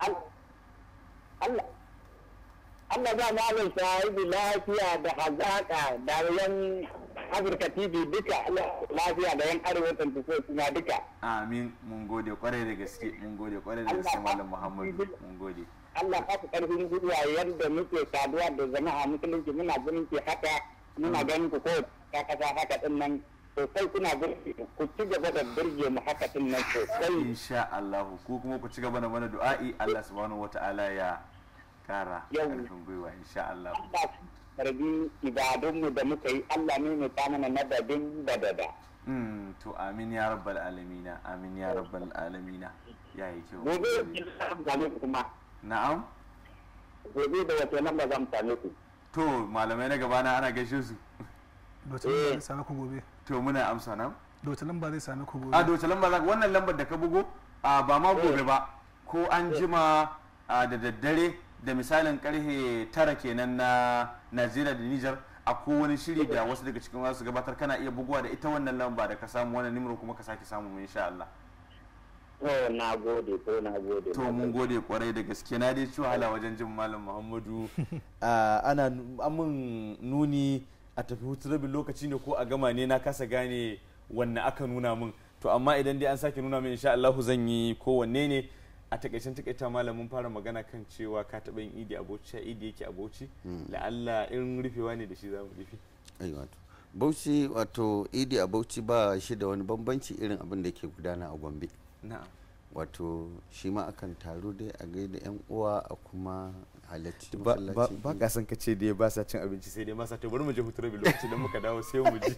Allah Allah za mu amince da lafiya da hazaka da yan Afirka TV duka lafiya da yan arewa tantace suna duka amin mun gode kwarai da gaske mun gode kwarai da gaske malam Muhammadu mun gode Allah ka fi karfin gwiwa yadda muke saduwa da jama'a musulunci muna zumunci haka muna ganin ku ko ta kasa haka din nan sosai kuna ku ci gaba da birge mu haka tun nan sosai insha Allah ku kuma ku ci gaba da mana du'a'i Allah subhanahu wata'ala ya kara karfin gwiwa insha Allah karbi ibadunmu da muka yi Allah ne mai mana madadin dada hmm, to amin ya rabbal alamina amin ya rabbal alamina ya yi kyau gobe da kuma na'am gobe da wata nan ba zan same ku to malamai na gaba na ana gaishe su ba ta eh. same ku gobe to muna amsa nan dauce zai sami ku a dauce lamba wannan lambar da ka bugo a ba ma eh. gobe ba ko an jima da daddare da misalin karhe tara kenan na najeriya da nijar a wani shiri da wasu daga cikin wasu gabatar kana iya buguwa da ita wannan lamba da ka samu wannan kuma ka sake samu mu insha Allah to na gode ko na gode to mun gode kwarai da gaske na dai ci hala wajen jin malam Muhammadu ana amin nuni a tafi hutu rabin lokaci ne ko a gama ne na kasa gane wanne aka nuna min to amma idan dai an sake nuna min insha Allahu zan yi ko wanne ne a takaicen takaita malamin fara magana kan cewa ka taba yin idi abauci a idi yake abauci hmm. la'alla in rufewa ne da shi za mu rufe bauchi wato idi a ba shi da wani bambanci irin abin da ke gudana a gombe wato shi ma akan taro dai a gaida yan uwa a kuma halarci ba ka san kace dai ba sa cin abinci sai dai ba sa to bari mu je hutu rabi lokacin da muka dawo sai mu ji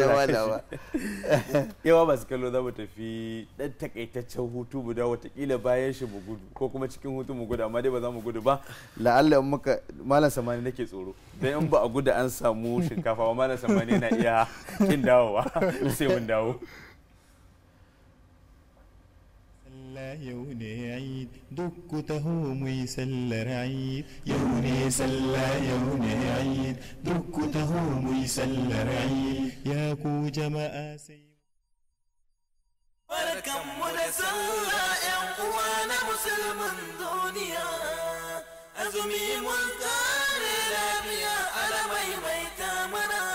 yawa ba su kallo za mu tafi dan takaitaccen hutu mu dawo watakila bayan shi mu gudu ko kuma cikin hutu mu gudu amma dai ba za mu gudu ba la'alla in muka malam samani nake tsoro dan in ba a gudu an samu shinkafa ba malam samani na iya kin dawowa sai mun dawo يوني عيد دك تهوم يسل رعيد يوني سلا يوني عيد دك تهوم يسل رعيد يا كو جماعة سي ولكم ونسلا إخوان مسلم دنيا أزمي ملكان رابيا على ميت منا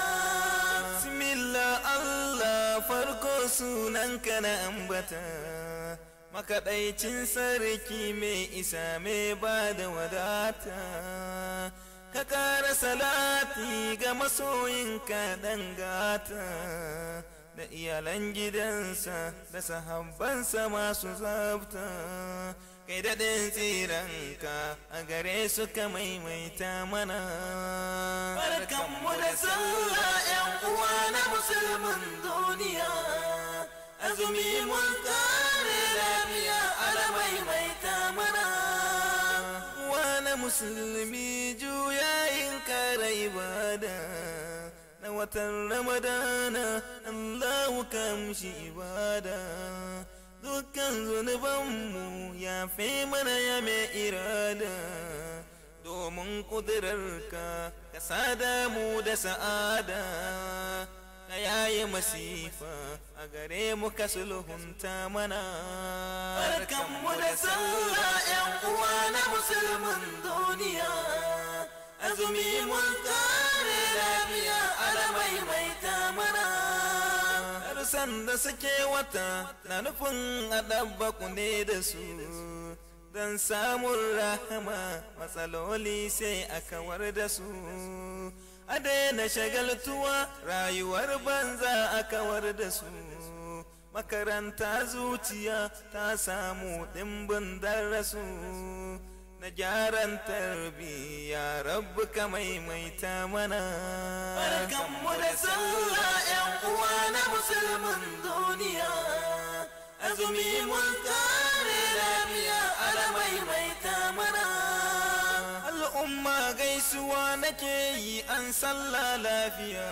بسم الله الله فرقو سننك أنبتا makaɗaicin sarki mai isa mai ba da wadata ka kara salati ga masoyinka gata da iyalan gidansa da sahabbansa masu zabta kai daɗin tsiranka a gare su ka maimaita mana barkanmu da sallah 'yan uwa na musulman duniya azumi mun kare lafiya ala maimaita mana wani musulmi juyayin kare ibada na watan ramadana allahu kamshi ibada dukkan zunubanmu ya fi mana ya mai irada domin ƙudurarka ka sada mu da sa'ada yayi masifa a gare mu ka sulhunta mana mu da sallah yan uwa na musulmin duniya azumi mun kare lafiya alamai mai mana Har da suke wata na nufin adabba ku ne da su don samun rahama matsaloli sai a kawar da su adaina shagaltuwa rayuwar banza a kawar da su makaranta zuciya ta samu dimbin darasu na gyaran tarbiyya rabu ka maimaita mana barkanmu da sallah yan uwa na musulmin duniya azumi mun kare lafiya ala maimaita mana gaisuwa nake yi an sallah lafiya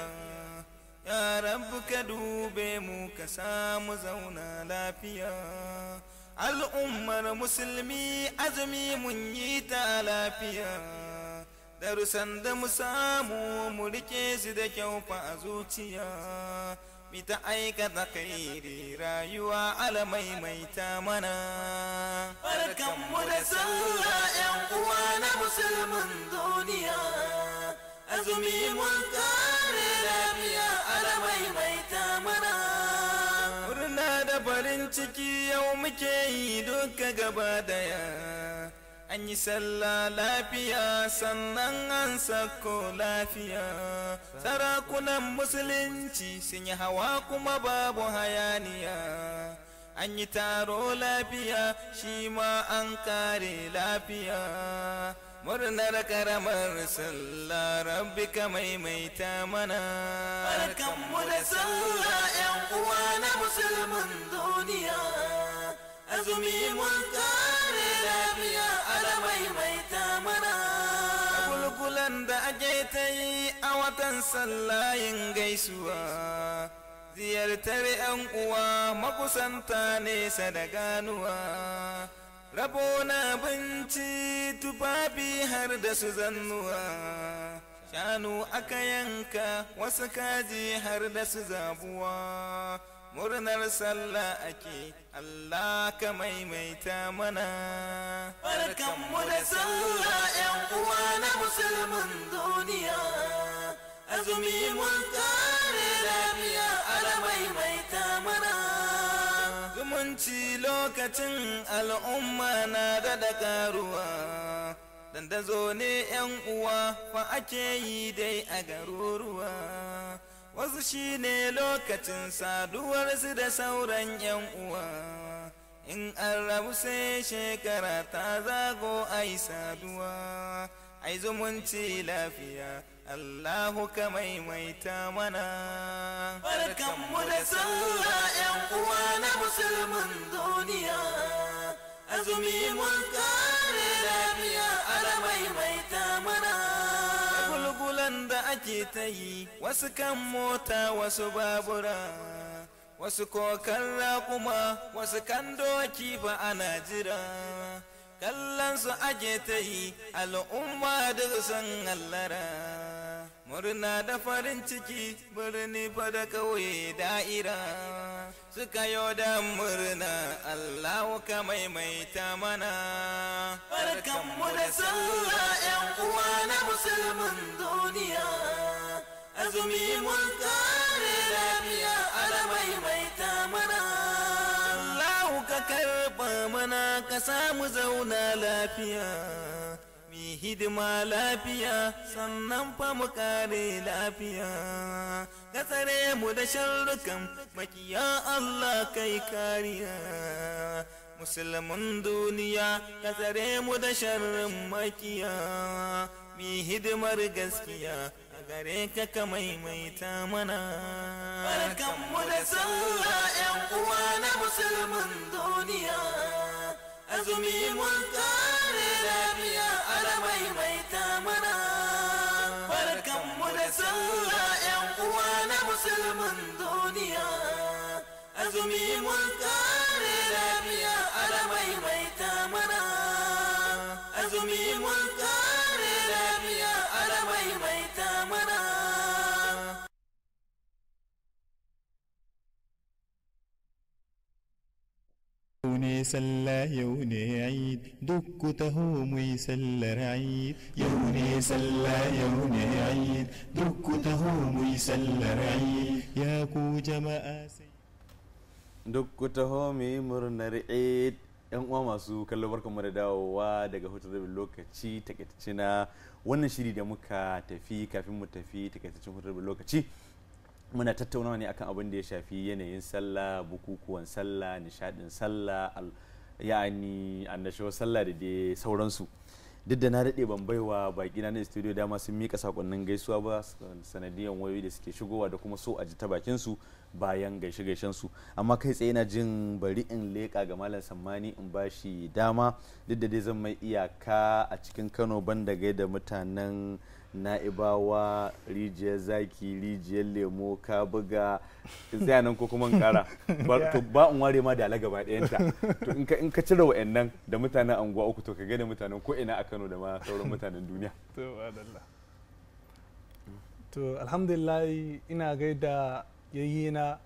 ya rabu ka dube mu ka samu zauna lafiya al'ummar musulmi azumi mun yi ta lafiya darusan da mu samu mu rike su da kyau fa a zuciya fita aikata kairi rayuwa alamai mai ta mana barkanmu da sallah yan uwa na musulmin duniya azumi mun kare lafiya alamai mai ta mana murna da farin ciki yau muke yi duka gaba daya an yi sallah lafiya sannan an sako lafiya sarakunan musulunci sun yi hawa kuma babu hayaniya an yi taro lafiya shi ma an kare lafiya murnar karamar sallah rabbi maimaita mana barkanmu da sallah yan uwa na musulman duniya azumi mun kare lafiya sallayin gaisuwa ziyartar yan uwa makusanta nesa da ganuwa rabo na binci tufafi har da su zannuwa shanu aka yanka wasu kaji har da su zabuwa murnar sallah ake Allah ka maimaita mana barkanmu da sallah yan uwa na musulmin duniya azumi mun kare lafiya alamai mai tamara zumunci lokacin al'umma na da karuwa zo ne yan uwa fa ake yi dai a garuruwa wasu shine lokacin saduwarsu da sauran yan uwa in an rabu sai shekara ta zago ai saduwa ai zumunci lafiya Allahu ka maimaita mana barkanmu da sallah yan uwa na musulman duniya azumi mun kare lafiya ala maimaita mana gulgulan da ake ta yi wasu kan mota wasu babura wasu kokan kuma wasu kan doki ba ana jira kallon su ake ta yi al'umma da san allara murna da farin ciki birni fa da kauye da'ira suka yi da murna allahu ka maimaita mana barkanmu da sallah yan uwa na musulman duniya azumi mun kare lafiya mana ka samu zauna lafiya mi hidima lafiya sannan fa mu kare lafiya ka tsare mu da sharrukan makiya Allah kai kariya musulmin duniya ka tsare mu da sharrin makiya mi hidimar gaskiya a gare ka ka maimaita mana barkan mu da sallah yan uwa na musulmin duniya azumi mun kare lafiya ala maimaita mana barkan mu da sallah yan uwa na musulmin duniya azumi mun kare yau ne sallah yau ne aid duk ku taho mu yi sallar aid yau ne sallah yau ne aid duk ku taho mu yi sallar aid ya ku jama'a sai duk ku taho mu yi murnar aid yan uwa masu kallo barkanmu da dawowa daga hutun rabin lokaci takaitacce na wannan shiri da muka tafi kafin mu tafi takaitaccen hutun rabin lokaci muna tattaunawa ne akan abin da ya shafi yanayin sallah bukukuwan sallah nishadin sallah yani annashawar sallah da dai sauransu duk da na daɗe ban baiwa baki na studio dama sun mika sakonnin gaisuwa ba sanadiyan wayoyi da suke shigowa da kuma so a ji ta bakin su bayan gaishe gaishen su amma kai tsaye na jin bari in leka ga malam sammani in ba shi dama duk da dai zan mai iyaka a cikin kano banda gaida mutanen na'ibawa rijiyar zaki rijiyar lemo ka buga tsaya nan ko kuma kara to ba in ware ma da gaba ɗayanta to in ka cire wa'annan da mutanen anguwa uku to ka gani mutanen ko ina a Kano da ma sauran mutanen duniya to adalla to alhamdulillah ina gaida yayyena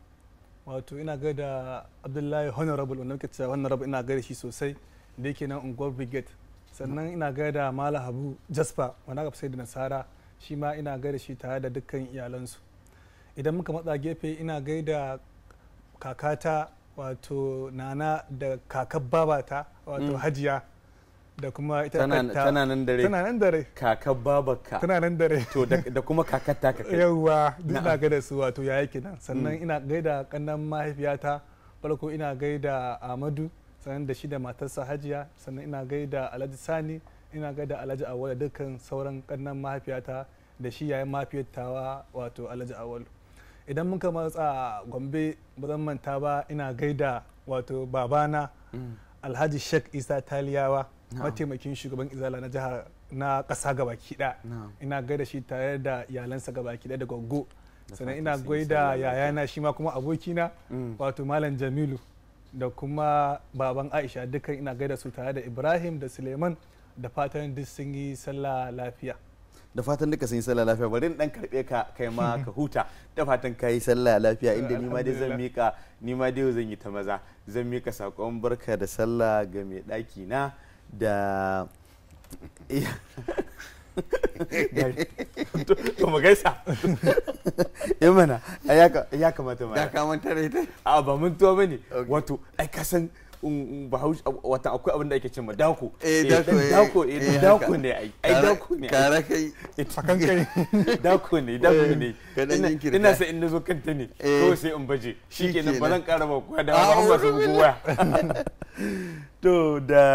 wato ina gaida Abdullahi Honorable wannan kace Honorable ina gaida shi sosai da yake nan unguwar Brigade sannan ina gaida mala habu jaspa wani aka sai da nasara shi ma ina gaida shi tare da dukkan iyalansu idan muka matsa gefe ina gaida kakata wato nana da kakar babata wato mm. hajiya da kuma ita tana nan dare tana nan dare kakar babarka tana nan dare to da kuma kakar ta kaka yawa duk ina gaida su wato yaya kenan sannan mm. ina gaida kannan mahaifiyata farko ina gaida amadu sannan da shi da matarsa hajiya sannan ina gaida alhaji sani ina gaida alhaji awal da dukkan sauran kannan mahaifiyata da shi yayin mahaifiyatawa wato alhaji awal idan mun muka matsa gombe ba zan manta ba ina gaida wato babana mm. alhaji shek isa taliyawa mataimakin shugaban izala na jihar na kasa gabaki kiɗa. ina gaida shi tare da yalansa gabaki kiɗa da goggo sannan ina gaida yayana shi ma kuma abokina mm. wato malam jamilu da kuma baban aisha dukkan ina gaida su tare da ibrahim da suleiman da fatan duk sun yi sallah lafiya da fatan duka sun yi sallah lafiya bari dan karbe ka kai ma ka huta da fatan ka yi sallah lafiya inda ni ma dai zan mika ni ma dai zan yi ta maza zan mika sakon barka da sallah ga mai daki na da to mu gaisa yi eh, mana ya kamata ma ya kamata da ita a ba mun tuwa bane wato ai ka san um, um, wata akwai abin da ake ma dako eh, eh dako eh dako ne eh, ai ai dako ne kare kai fakan kai dako ne dako ne ina sai in nazo kanta ne to sai in baje shikenan ba zan karaba ba kwa da ba ba su to da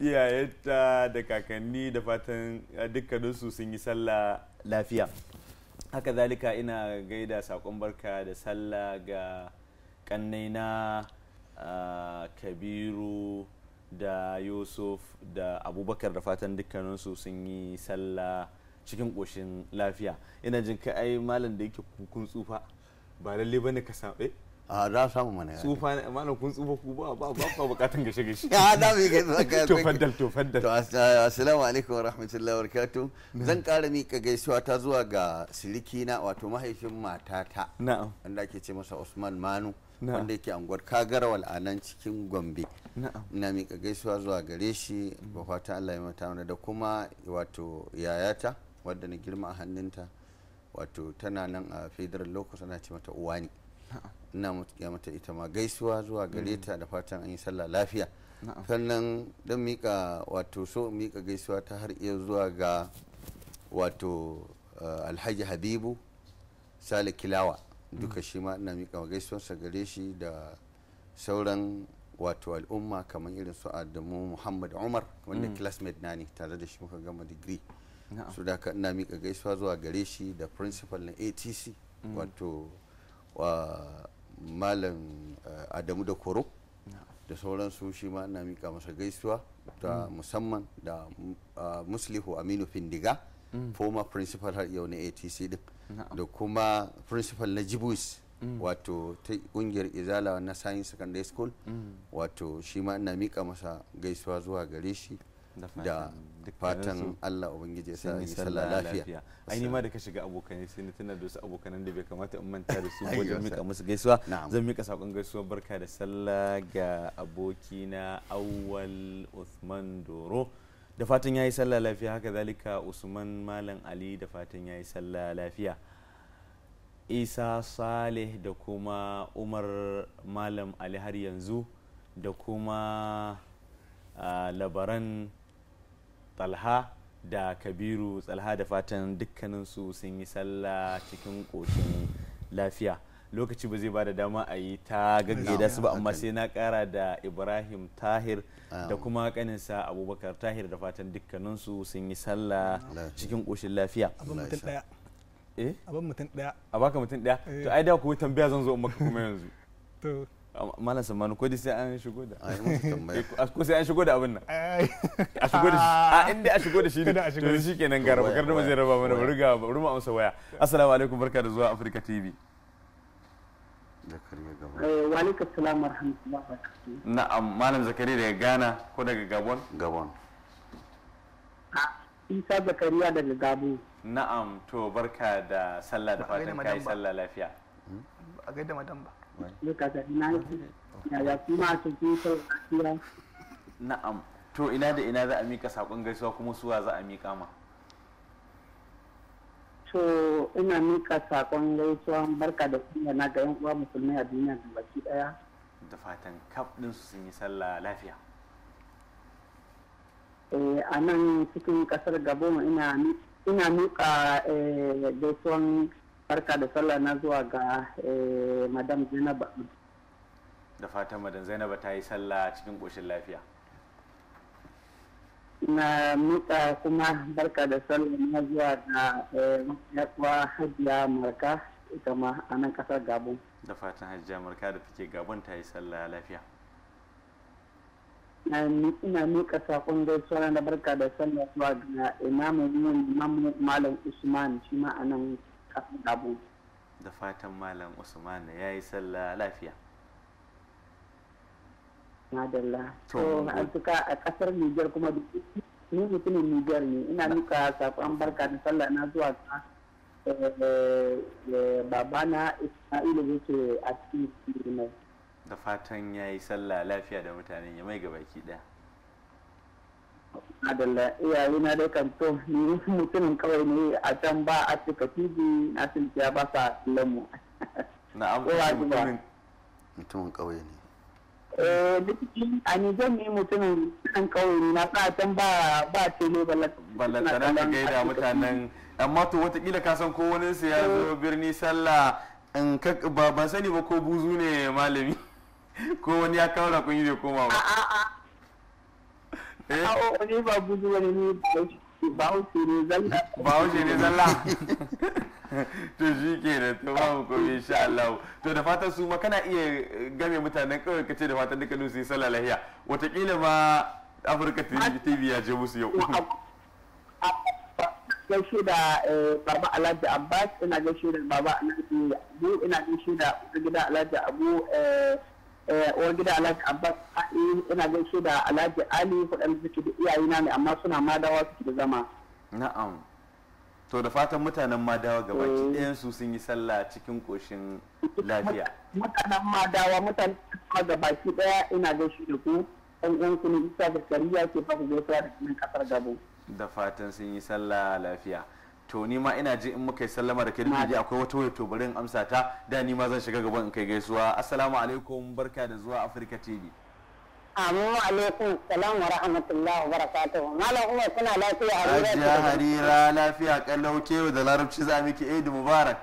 iyayenta da kakanni da fatan eh, dukkaninsu sun yi sallah lafiya haka zalika ina gaida saƙon barka da sallah ga kannaina ah, kabiru da yusuf da abubakar da fatan dukkaninsu sun yi sallah cikin ƙoshin lafiya ina jin ka ai malam da yake kukun tsufa ba lalle bane ka samu a za samu mana tsufa malam kun tsufa ku ba ba ba ku bukatun gashe gashe ya da mu ga zaka to faddal to faddal to assalamu alaikum wa rahmatullahi wa barakatuh zan kara mika gaisuwa ta zuwa ga siriki na wato mahaifin matata na'am wanda ake ce masa Usman Manu wanda yake anguwar Kagarwal a nan cikin gombe ina mika gaisuwa zuwa gare shi ba fata allah ya mata da kuma wato yayata wadda na girma a hannunta wato tana nan a federal locus ana ce mata uwani ina ya mata ita ma gaisuwa zuwa gare ta da fatan an yi sallah lafiya sannan don mika wato so mika gaisuwa ta har iya zuwa ga wato eh, alhaji habibu sale kilawa duka mm. shi ma ina mika gaisuwarsa gare shi da sauran wato al'umma kamar irin su adamu muhammad umar wanda mm. classmate na ne tare da shi muka gama digiri su da ina mika gaisuwa zuwa gare shi da principal na atc mm. wato wa malam eh, adamu da koro da sauransu shi ma ina mika masa gaisuwa ta mm. musamman da eh, muslihu aminu findiga mm. former principal har yau na atc din da kuma principal na jibus mm. wato ta kungiyar izala na science secondary school wato shi ma ina mika masa gaisuwa zuwa gare shi da fatan Allah Ubangiji ya yi sallah lafiya aini ma da ka shiga abokanai sai na tunar da wasu abokanan da bai kamata in manta da su wajen mika musu gaisuwa zan mika sakon gaisuwa barka da sallah ga abokina Awwal Uthman Doro da fatan yayi sallah lafiya haka zalika Usman Malam Ali da fatan yayi sallah lafiya Isa Saleh da kuma Umar Malam Ali har yanzu da kuma ah, labaran talha da kabiru tsalha da fatan dukkaninsu sun yi sallah cikin ƙoshin lafiya lokaci ba zai ba da dama a yi ta da su ba amma sai na kara da ibrahim tahir da kuma kaninsa abubakar tahir da fatan dukkaninsu sun yi sallah cikin ƙoshin lafiya abin mutum daya eh? a baka mutum daya to ai eh. da ku tambaya zan zo maka kuma yanzu malam samanu ko sai an shigo da ko sai an shigo da abin nan a shigo da a inda a shigo da shi ne to shi kenan gara bakar da zai raba mana bari ga bari mu amsa waya assalamu alaikum barka da zuwa africa tv zakariya eh, warahmatullahi wabarakatuh na'am malam zakari daga ghana ko daga gabon gabon ah, isa zakariya daga gabo na'am to barka da sallah da fatan kai sallah lafiya hmm? a gaida madan ba na'am to ina da ina za a mika saƙon gaisuwa kuma suwa za a mika ma to ina mika saƙon gaisuwa barka da kuma na ga yan uwa musulmai a duniya da baki daya da fatan kaf din su sun yi sallah lafiya eh, a nan cikin kasar gabon ina mika eh, gaisuwan barka da sallah na zuwa ga eh, madam zainaba da fatan Madam zainaba ta yi sallah cikin ƙoshin lafiya na muka kuma barka da sallah na zuwa ga eh, yakuwa hajiya marka ita ma a nan ƙasar gabon da fatan hajiya marka da take gabon ta yi sallah lafiya ina miƙa saƙon gaisuwa na barka da sallah zuwa ga imamu malam usman shi ma a nan da fatan malam usman ya yi sallah lafiya madalla to ma'azuka a kasar niger kuma ni mutumin niger ne ina nuka saƙon barka da sallah na zuwa ta eh, eh, babana ismailu yake a cikin da fatan ya yi sallah lafiya da mutanen ya mai gabaki daya adalla iyaye na dai kan to ni mutumin kawai ne a can ba a cika tibi na tilkiya ba sa lamu na mutumin mutumin kawai ne eh a ni zan yi mutumin kan kawai ne na sa can ba ba tele ballatana ka gaida mutanen amma to watakila ka san ko wani su ya zo eh. birni sallah in ka ban sani ba ko buzu ne malami ko wani ya kawo rakun yi da komawa a'a Eh? A'a ni ba buzu wani ni bahaushe ne zalla. Bahaushe ne zalla. to shi ke da to ba mu kuma insha Allah to da fatan su ma kana iya game mutanen kawai kace da fatan duka su yi sallah lahiya watakila ma Afirka TV ya je musu yau. gaishe da eh, baba alhaji abbas ina gaishe da baba alhaji abu ina gaishe da gida alhaji abu eh, Eh, uwar gida alhaji abbas haɗi ina gaishe da alhaji ali waɗanda suke da iyayena ne amma suna madawa suke da zama na'am to da fatan mutanen madawa gaba ki eh. ɗayan su sun yi sallah cikin koshin lafiya mutanen madawa mutanen gaba ki ɗaya ina gaishe da ku ɗan ɗan kunu isa da kariya ke fasa gaisuwa da kasar gabo da fatan sun yi sallah lafiya to ni ma ina ji in muka yi sallama da kai da akwai wata wayar to bari in amsa ta da ni ma zan shiga gaban in kai gaisuwa assalamu alaikum barka da zuwa Africa TV Amu alaikum salam wa rahmatullahi wa barakatuhu Malam Umar kuna lafiya a wurin Hajiya Harira lafiya kallau kewa da larabci za miki Eid Mubarak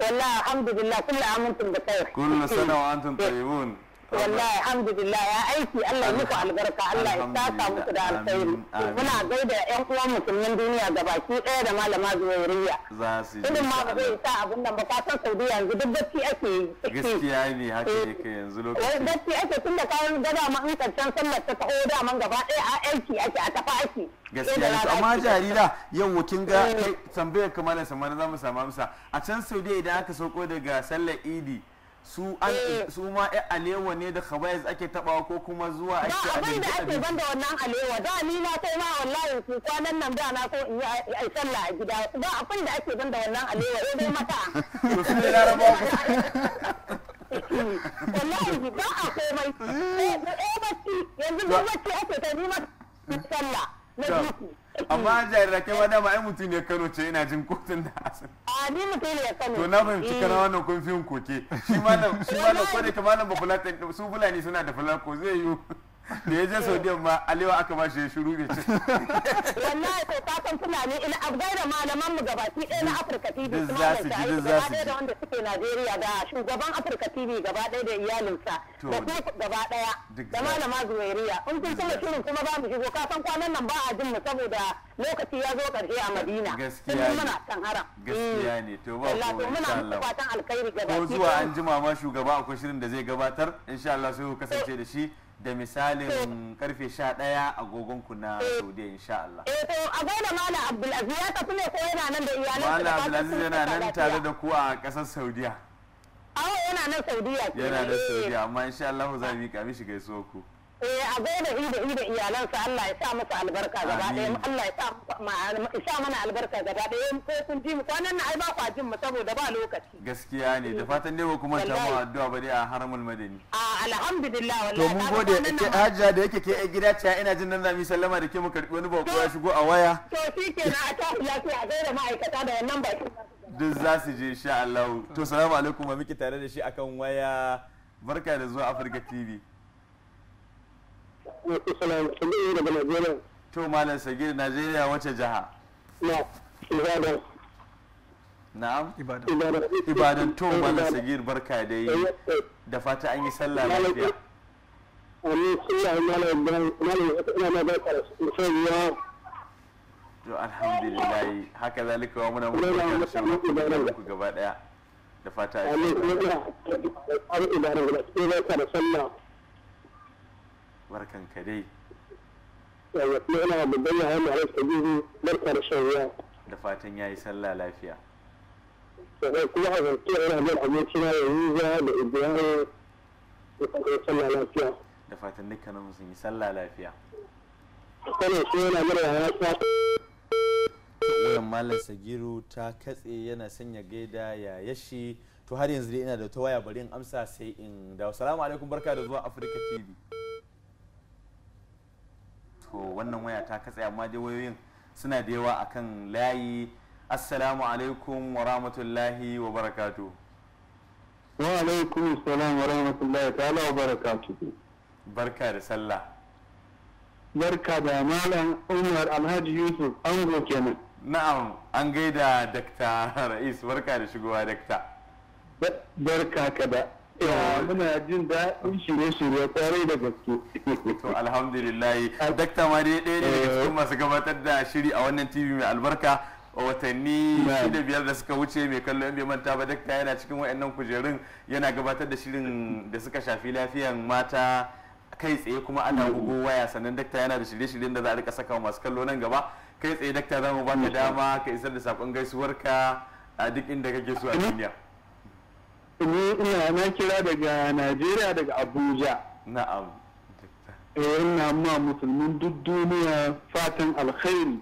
Wallahi alhamdulillah kullu amuntum bi khair Kullu sana wa antum tayyibun wallahi alhamdulillah ya aiki Allah ya muku albarka Allah ya saka muku da alkhairi muna gaida yan uwan musulmin duniya baki ɗaya da malama zuwairiya irin ma ba zai sa abun nan ba ka san saudi yanzu duk bacci ake yi gaskiya ne haka eh, yake yanzu eh, lokaci bacci ake tun da kayan gaba ma in karshen sallar ta taho da man gaba ɗaya a aiki ake a tafa ake gaskiya ne amma jarida yau kin ga eh. tambayar kamar da samana za mu samu amsa a can saudiya idan aka sauko daga sallar idi su an eh. su ma ai alewa ne da khabais ake taba ko kuma zuwa ake ba abin da ake banda wannan alewa da ni na kai ma wallahi ku kwanan nan da na ko in yi sallah a gida ba abin da ake banda wannan alewa eh dai mata to su ne laraba wallahi ba a komai eh, eh bacci yanzu bacci ake kai ni ma sallah amma jarrake ma dama ai mutum ne kano ce ina jin kotun da asin a ni mutum ne kano to na fahimci kana eh. wannan kun fi koke shi ma da malam ma da ba fulani su fulani suna da fulako zai yi da ya je saudiyan ma alewa aka ba shi ya shuru bai ci wallahi ko ka san tunani ina abgai da malaman mu gaba ɗaya na Afirka TV su ma da shi gaba da wanda suke Najeriya da shugaban Afirka TV gaba ɗaya da iyalinsa da ku gaba ɗaya da malama Zuwairiya in kun kuma shirin kuma ba mu shigo ka san kwanan nan ba a jin mu saboda lokaci ya zo ƙarshe a Madina gaskiya ne muna kan haram gaskiya ne to ba ko muna fatan alkhairi gaba ko zuwa an jima ma shugaba akwai shirin da zai gabatar insha Allah sai ku kasance da shi da misalin karfe sha 11 agogon ku na eh. Saudiya insha Allah. Eh to agoda Mala Abdulaziz ya tafi ne ko yana nan da iyalan Mala Abdulaziz yana nan tare da ku a kasar Saudiya. Awo yana nan Saudiya. Yana nan eh. Saudiya amma insha Allah za mu yi mishi gaisuwa ku. eh a gaida ida iyalan iyalansa Allah ya sa musu albarka gaba ɗaya Allah ya sa mana albarka gaba ɗaya ko kun ji mu kwanan na ai ba kwa jin mu saboda ba lokaci gaskiya ne da fatan ne ba kuma ta mu addu'a ba a haramul madani a alhamdulillah wallahi to mun gode ke hajja da yake ke gida ta ina jin nan za mu sallama da ke mu karbi wani bako ya shigo a waya to na a tafi lafiya a gaida ma'aikata da wannan bakin duk za su je insha Allah to salamu alaikum ba miki tare da shi akan waya barka da zuwa Afirka TV To Malam Sagir Najeriya wace jiha? Na Ibadan. Na'am? Ibadan. Ibadan to Malam Sagir barka da yi da fata an yi sallah lafiya. To alhamdulillah haka zalika wa muna muku da sallah muku gaba daya da fata. Amin. Ibadan barkan ka dai ina da fatan ya yi sallah lafiya da fatan sallah lafiya da dukkanin sun yi sallah lafiya sannan malam sagiru ta katse yana sanya gaida ya yashi to har yanzu dai ina da ta waya bari in amsa sai in dawo salamu alaikum barka da zuwa afirka tv to wannan waya ta katse amma dai wayoyin suna da yawa akan layi assalamu alaikum wa rahmatullahi wa barakatu wa alaikum assalam wa rahmatullahi ta'ala wa barakatu barka da sallah barka da malam umar alhaji yusuf an ango kenan na'am an gaida dakta ra'is barka da shigowa dakta barka ka da muna jin daɗin shirye-shirye kwarai da gaske. To alhamdulillah. Dakta ma da ɗaya ne eh. masu gabatar da shiri a wannan TV mai albarka. watanni shida biyar da suka wuce mai kallo bai manta ba dakta yana cikin wa'annan kujerun yana gabatar da shirin da suka shafi lafiyan mata kai tsaye kuma ana bugo waya sannan dakta yana da shirye-shiryen da za a rika saka masu kallo nan gaba kai tsaye dakta za mu baka dama ka isar da sakon gaisuwarka a duk inda kake so a duniya ni ina na kira daga najeriya daga abuja na'am eh ina ma musulmin duk duniya fatan alkhairi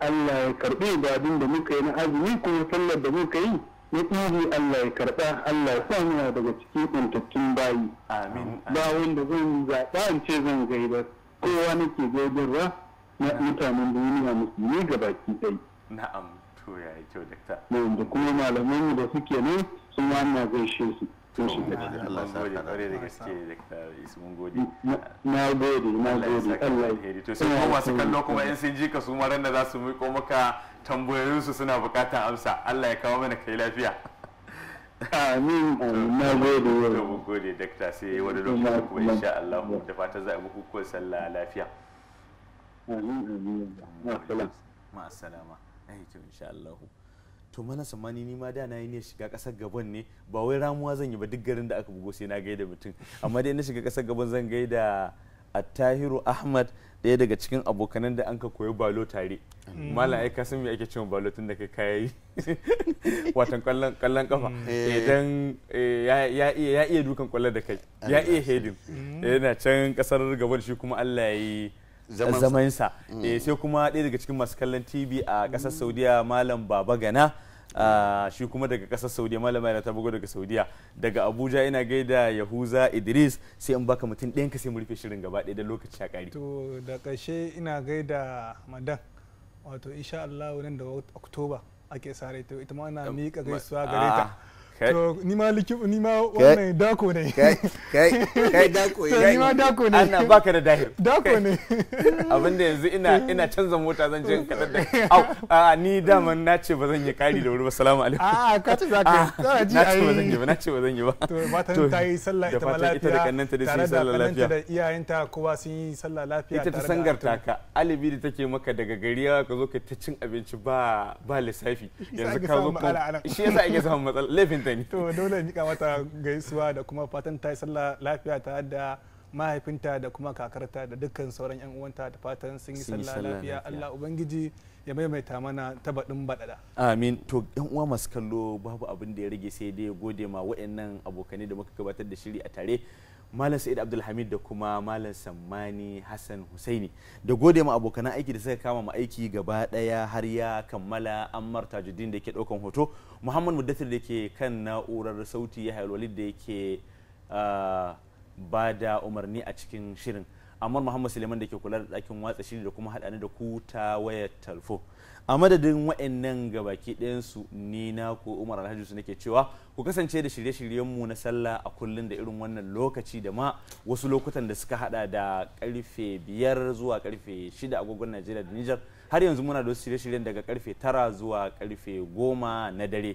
allah ya karbi ibadun da muka yi na azumi kuma sallar da muka yi na ibi allah ya karba allah ya sa muna daga cikin kuntattun bayi amin ba wanda zan zaɓa in ce zan gaida kowa nake gaidarwa na mutanen duniya musulmi gabaki ɗaya na'am to ya yi da kuma malaman da suke nan sun wannan na gode na in sun ka su da za su maka tambayoyin su suna bukatar amsa Allah ya kawo mana kai lafiya amin na gode wa mun gode dakta sai wani lokaci kuma insha Allah da fatan za a bukukuwan sallah lafiya amin to mana samani ni ma da na yi ne shiga kasar gaban ne ba wai ramuwa zan yi ba duk garin da aka bugo sai na gaida mutum amma dai na shiga kasar gaban zan gaida attahiru ahmad daya daga cikin abokanan da an ka koyi balo tare mm. malam ai ka san ake cewa balo tun da ka kayi watan kallon kafa mm. eh, idan eh, ya iya dukan kwallo da kai ya iya hedin mm. yana can kasar gaban shi kuma Allah ya yi zamansa mm. eh, sai kuma ɗaya daga cikin masu kallon tv a ƙasar saudiya malam baba gana ah, shi kuma daga ƙasar saudiya malama yana ta daga saudiya daga abuja ina gaida yahuza idris sai in baka mutum ɗayan ka sai mu rufe shirin gaba ɗaya da lokaci a ƙari to da ƙarshe ina gaida madan wato insha allahu nan da oktoba ake sare to ita ma ana miƙa gaisuwa gare ta ah. to ni ma likib ni ma wannan dako ne kai kai kai dako ne ni ma dako ne ana baka da dahir dako ne abinda yanzu ina ina canza mota zan je kadan da au a ni daman na ce ba zan yi kari da wuri ba salamu alaikum a ka ce zaka ah, ji na ce ba zan yi ba na ce ba zan yi ba to matan ta yi sallah ita ma lafiya da kannanta da sun sallah lafiya da iyayenta kowa sun yi sallah lafiya ita ta sangarta ka alibi da take maka daga gari ka zo ka ta cin abinci ba ba lissafi yanzu ka zo shi yasa ake samun matsala laifin ta haka to dole mika mata gaisuwa da kuma fatan ta yi sallah lafiya ta da mahaifinta da kuma kakarta da dukkan sauran yan uwanta da fatan sun yi sallah lafiya Allah ubangiji ya maimaita mana ta tabadin badada amin to yan uwa masu kallo babu abin da ya rage sai dai gode ma waɗannan abokanai da muka gabatar da shiri a tare Malam Sa'id Abdulhamid da kuma Malam Sammani Hassan Husaini da gode ma abokan aiki da suka kama mu aiki gaba daya har ya kammala Ammar Tajuddin da ke daukan hoto Muhammad Muddathir da ke kan na'urar sauti ya Walid da ke ah, ba da umarni a cikin shirin Ammar Muhammad Suleiman da ke kula da ɗakin watsa shiri da kuma haɗa da ku ta wayar talfo. a madadin wa'annan gabaki ɗayansu ni na ko umar alhaji su nake cewa ku kasance da shirye-shiryenmu na sallah a kullum da irin wannan lokaci da ma wasu lokutan da suka hada da karfe biyar zuwa karfe shida agogon najeriya da nijar har yanzu muna da wasu shirye-shiryen daga karfe tara zuwa karfe goma na dare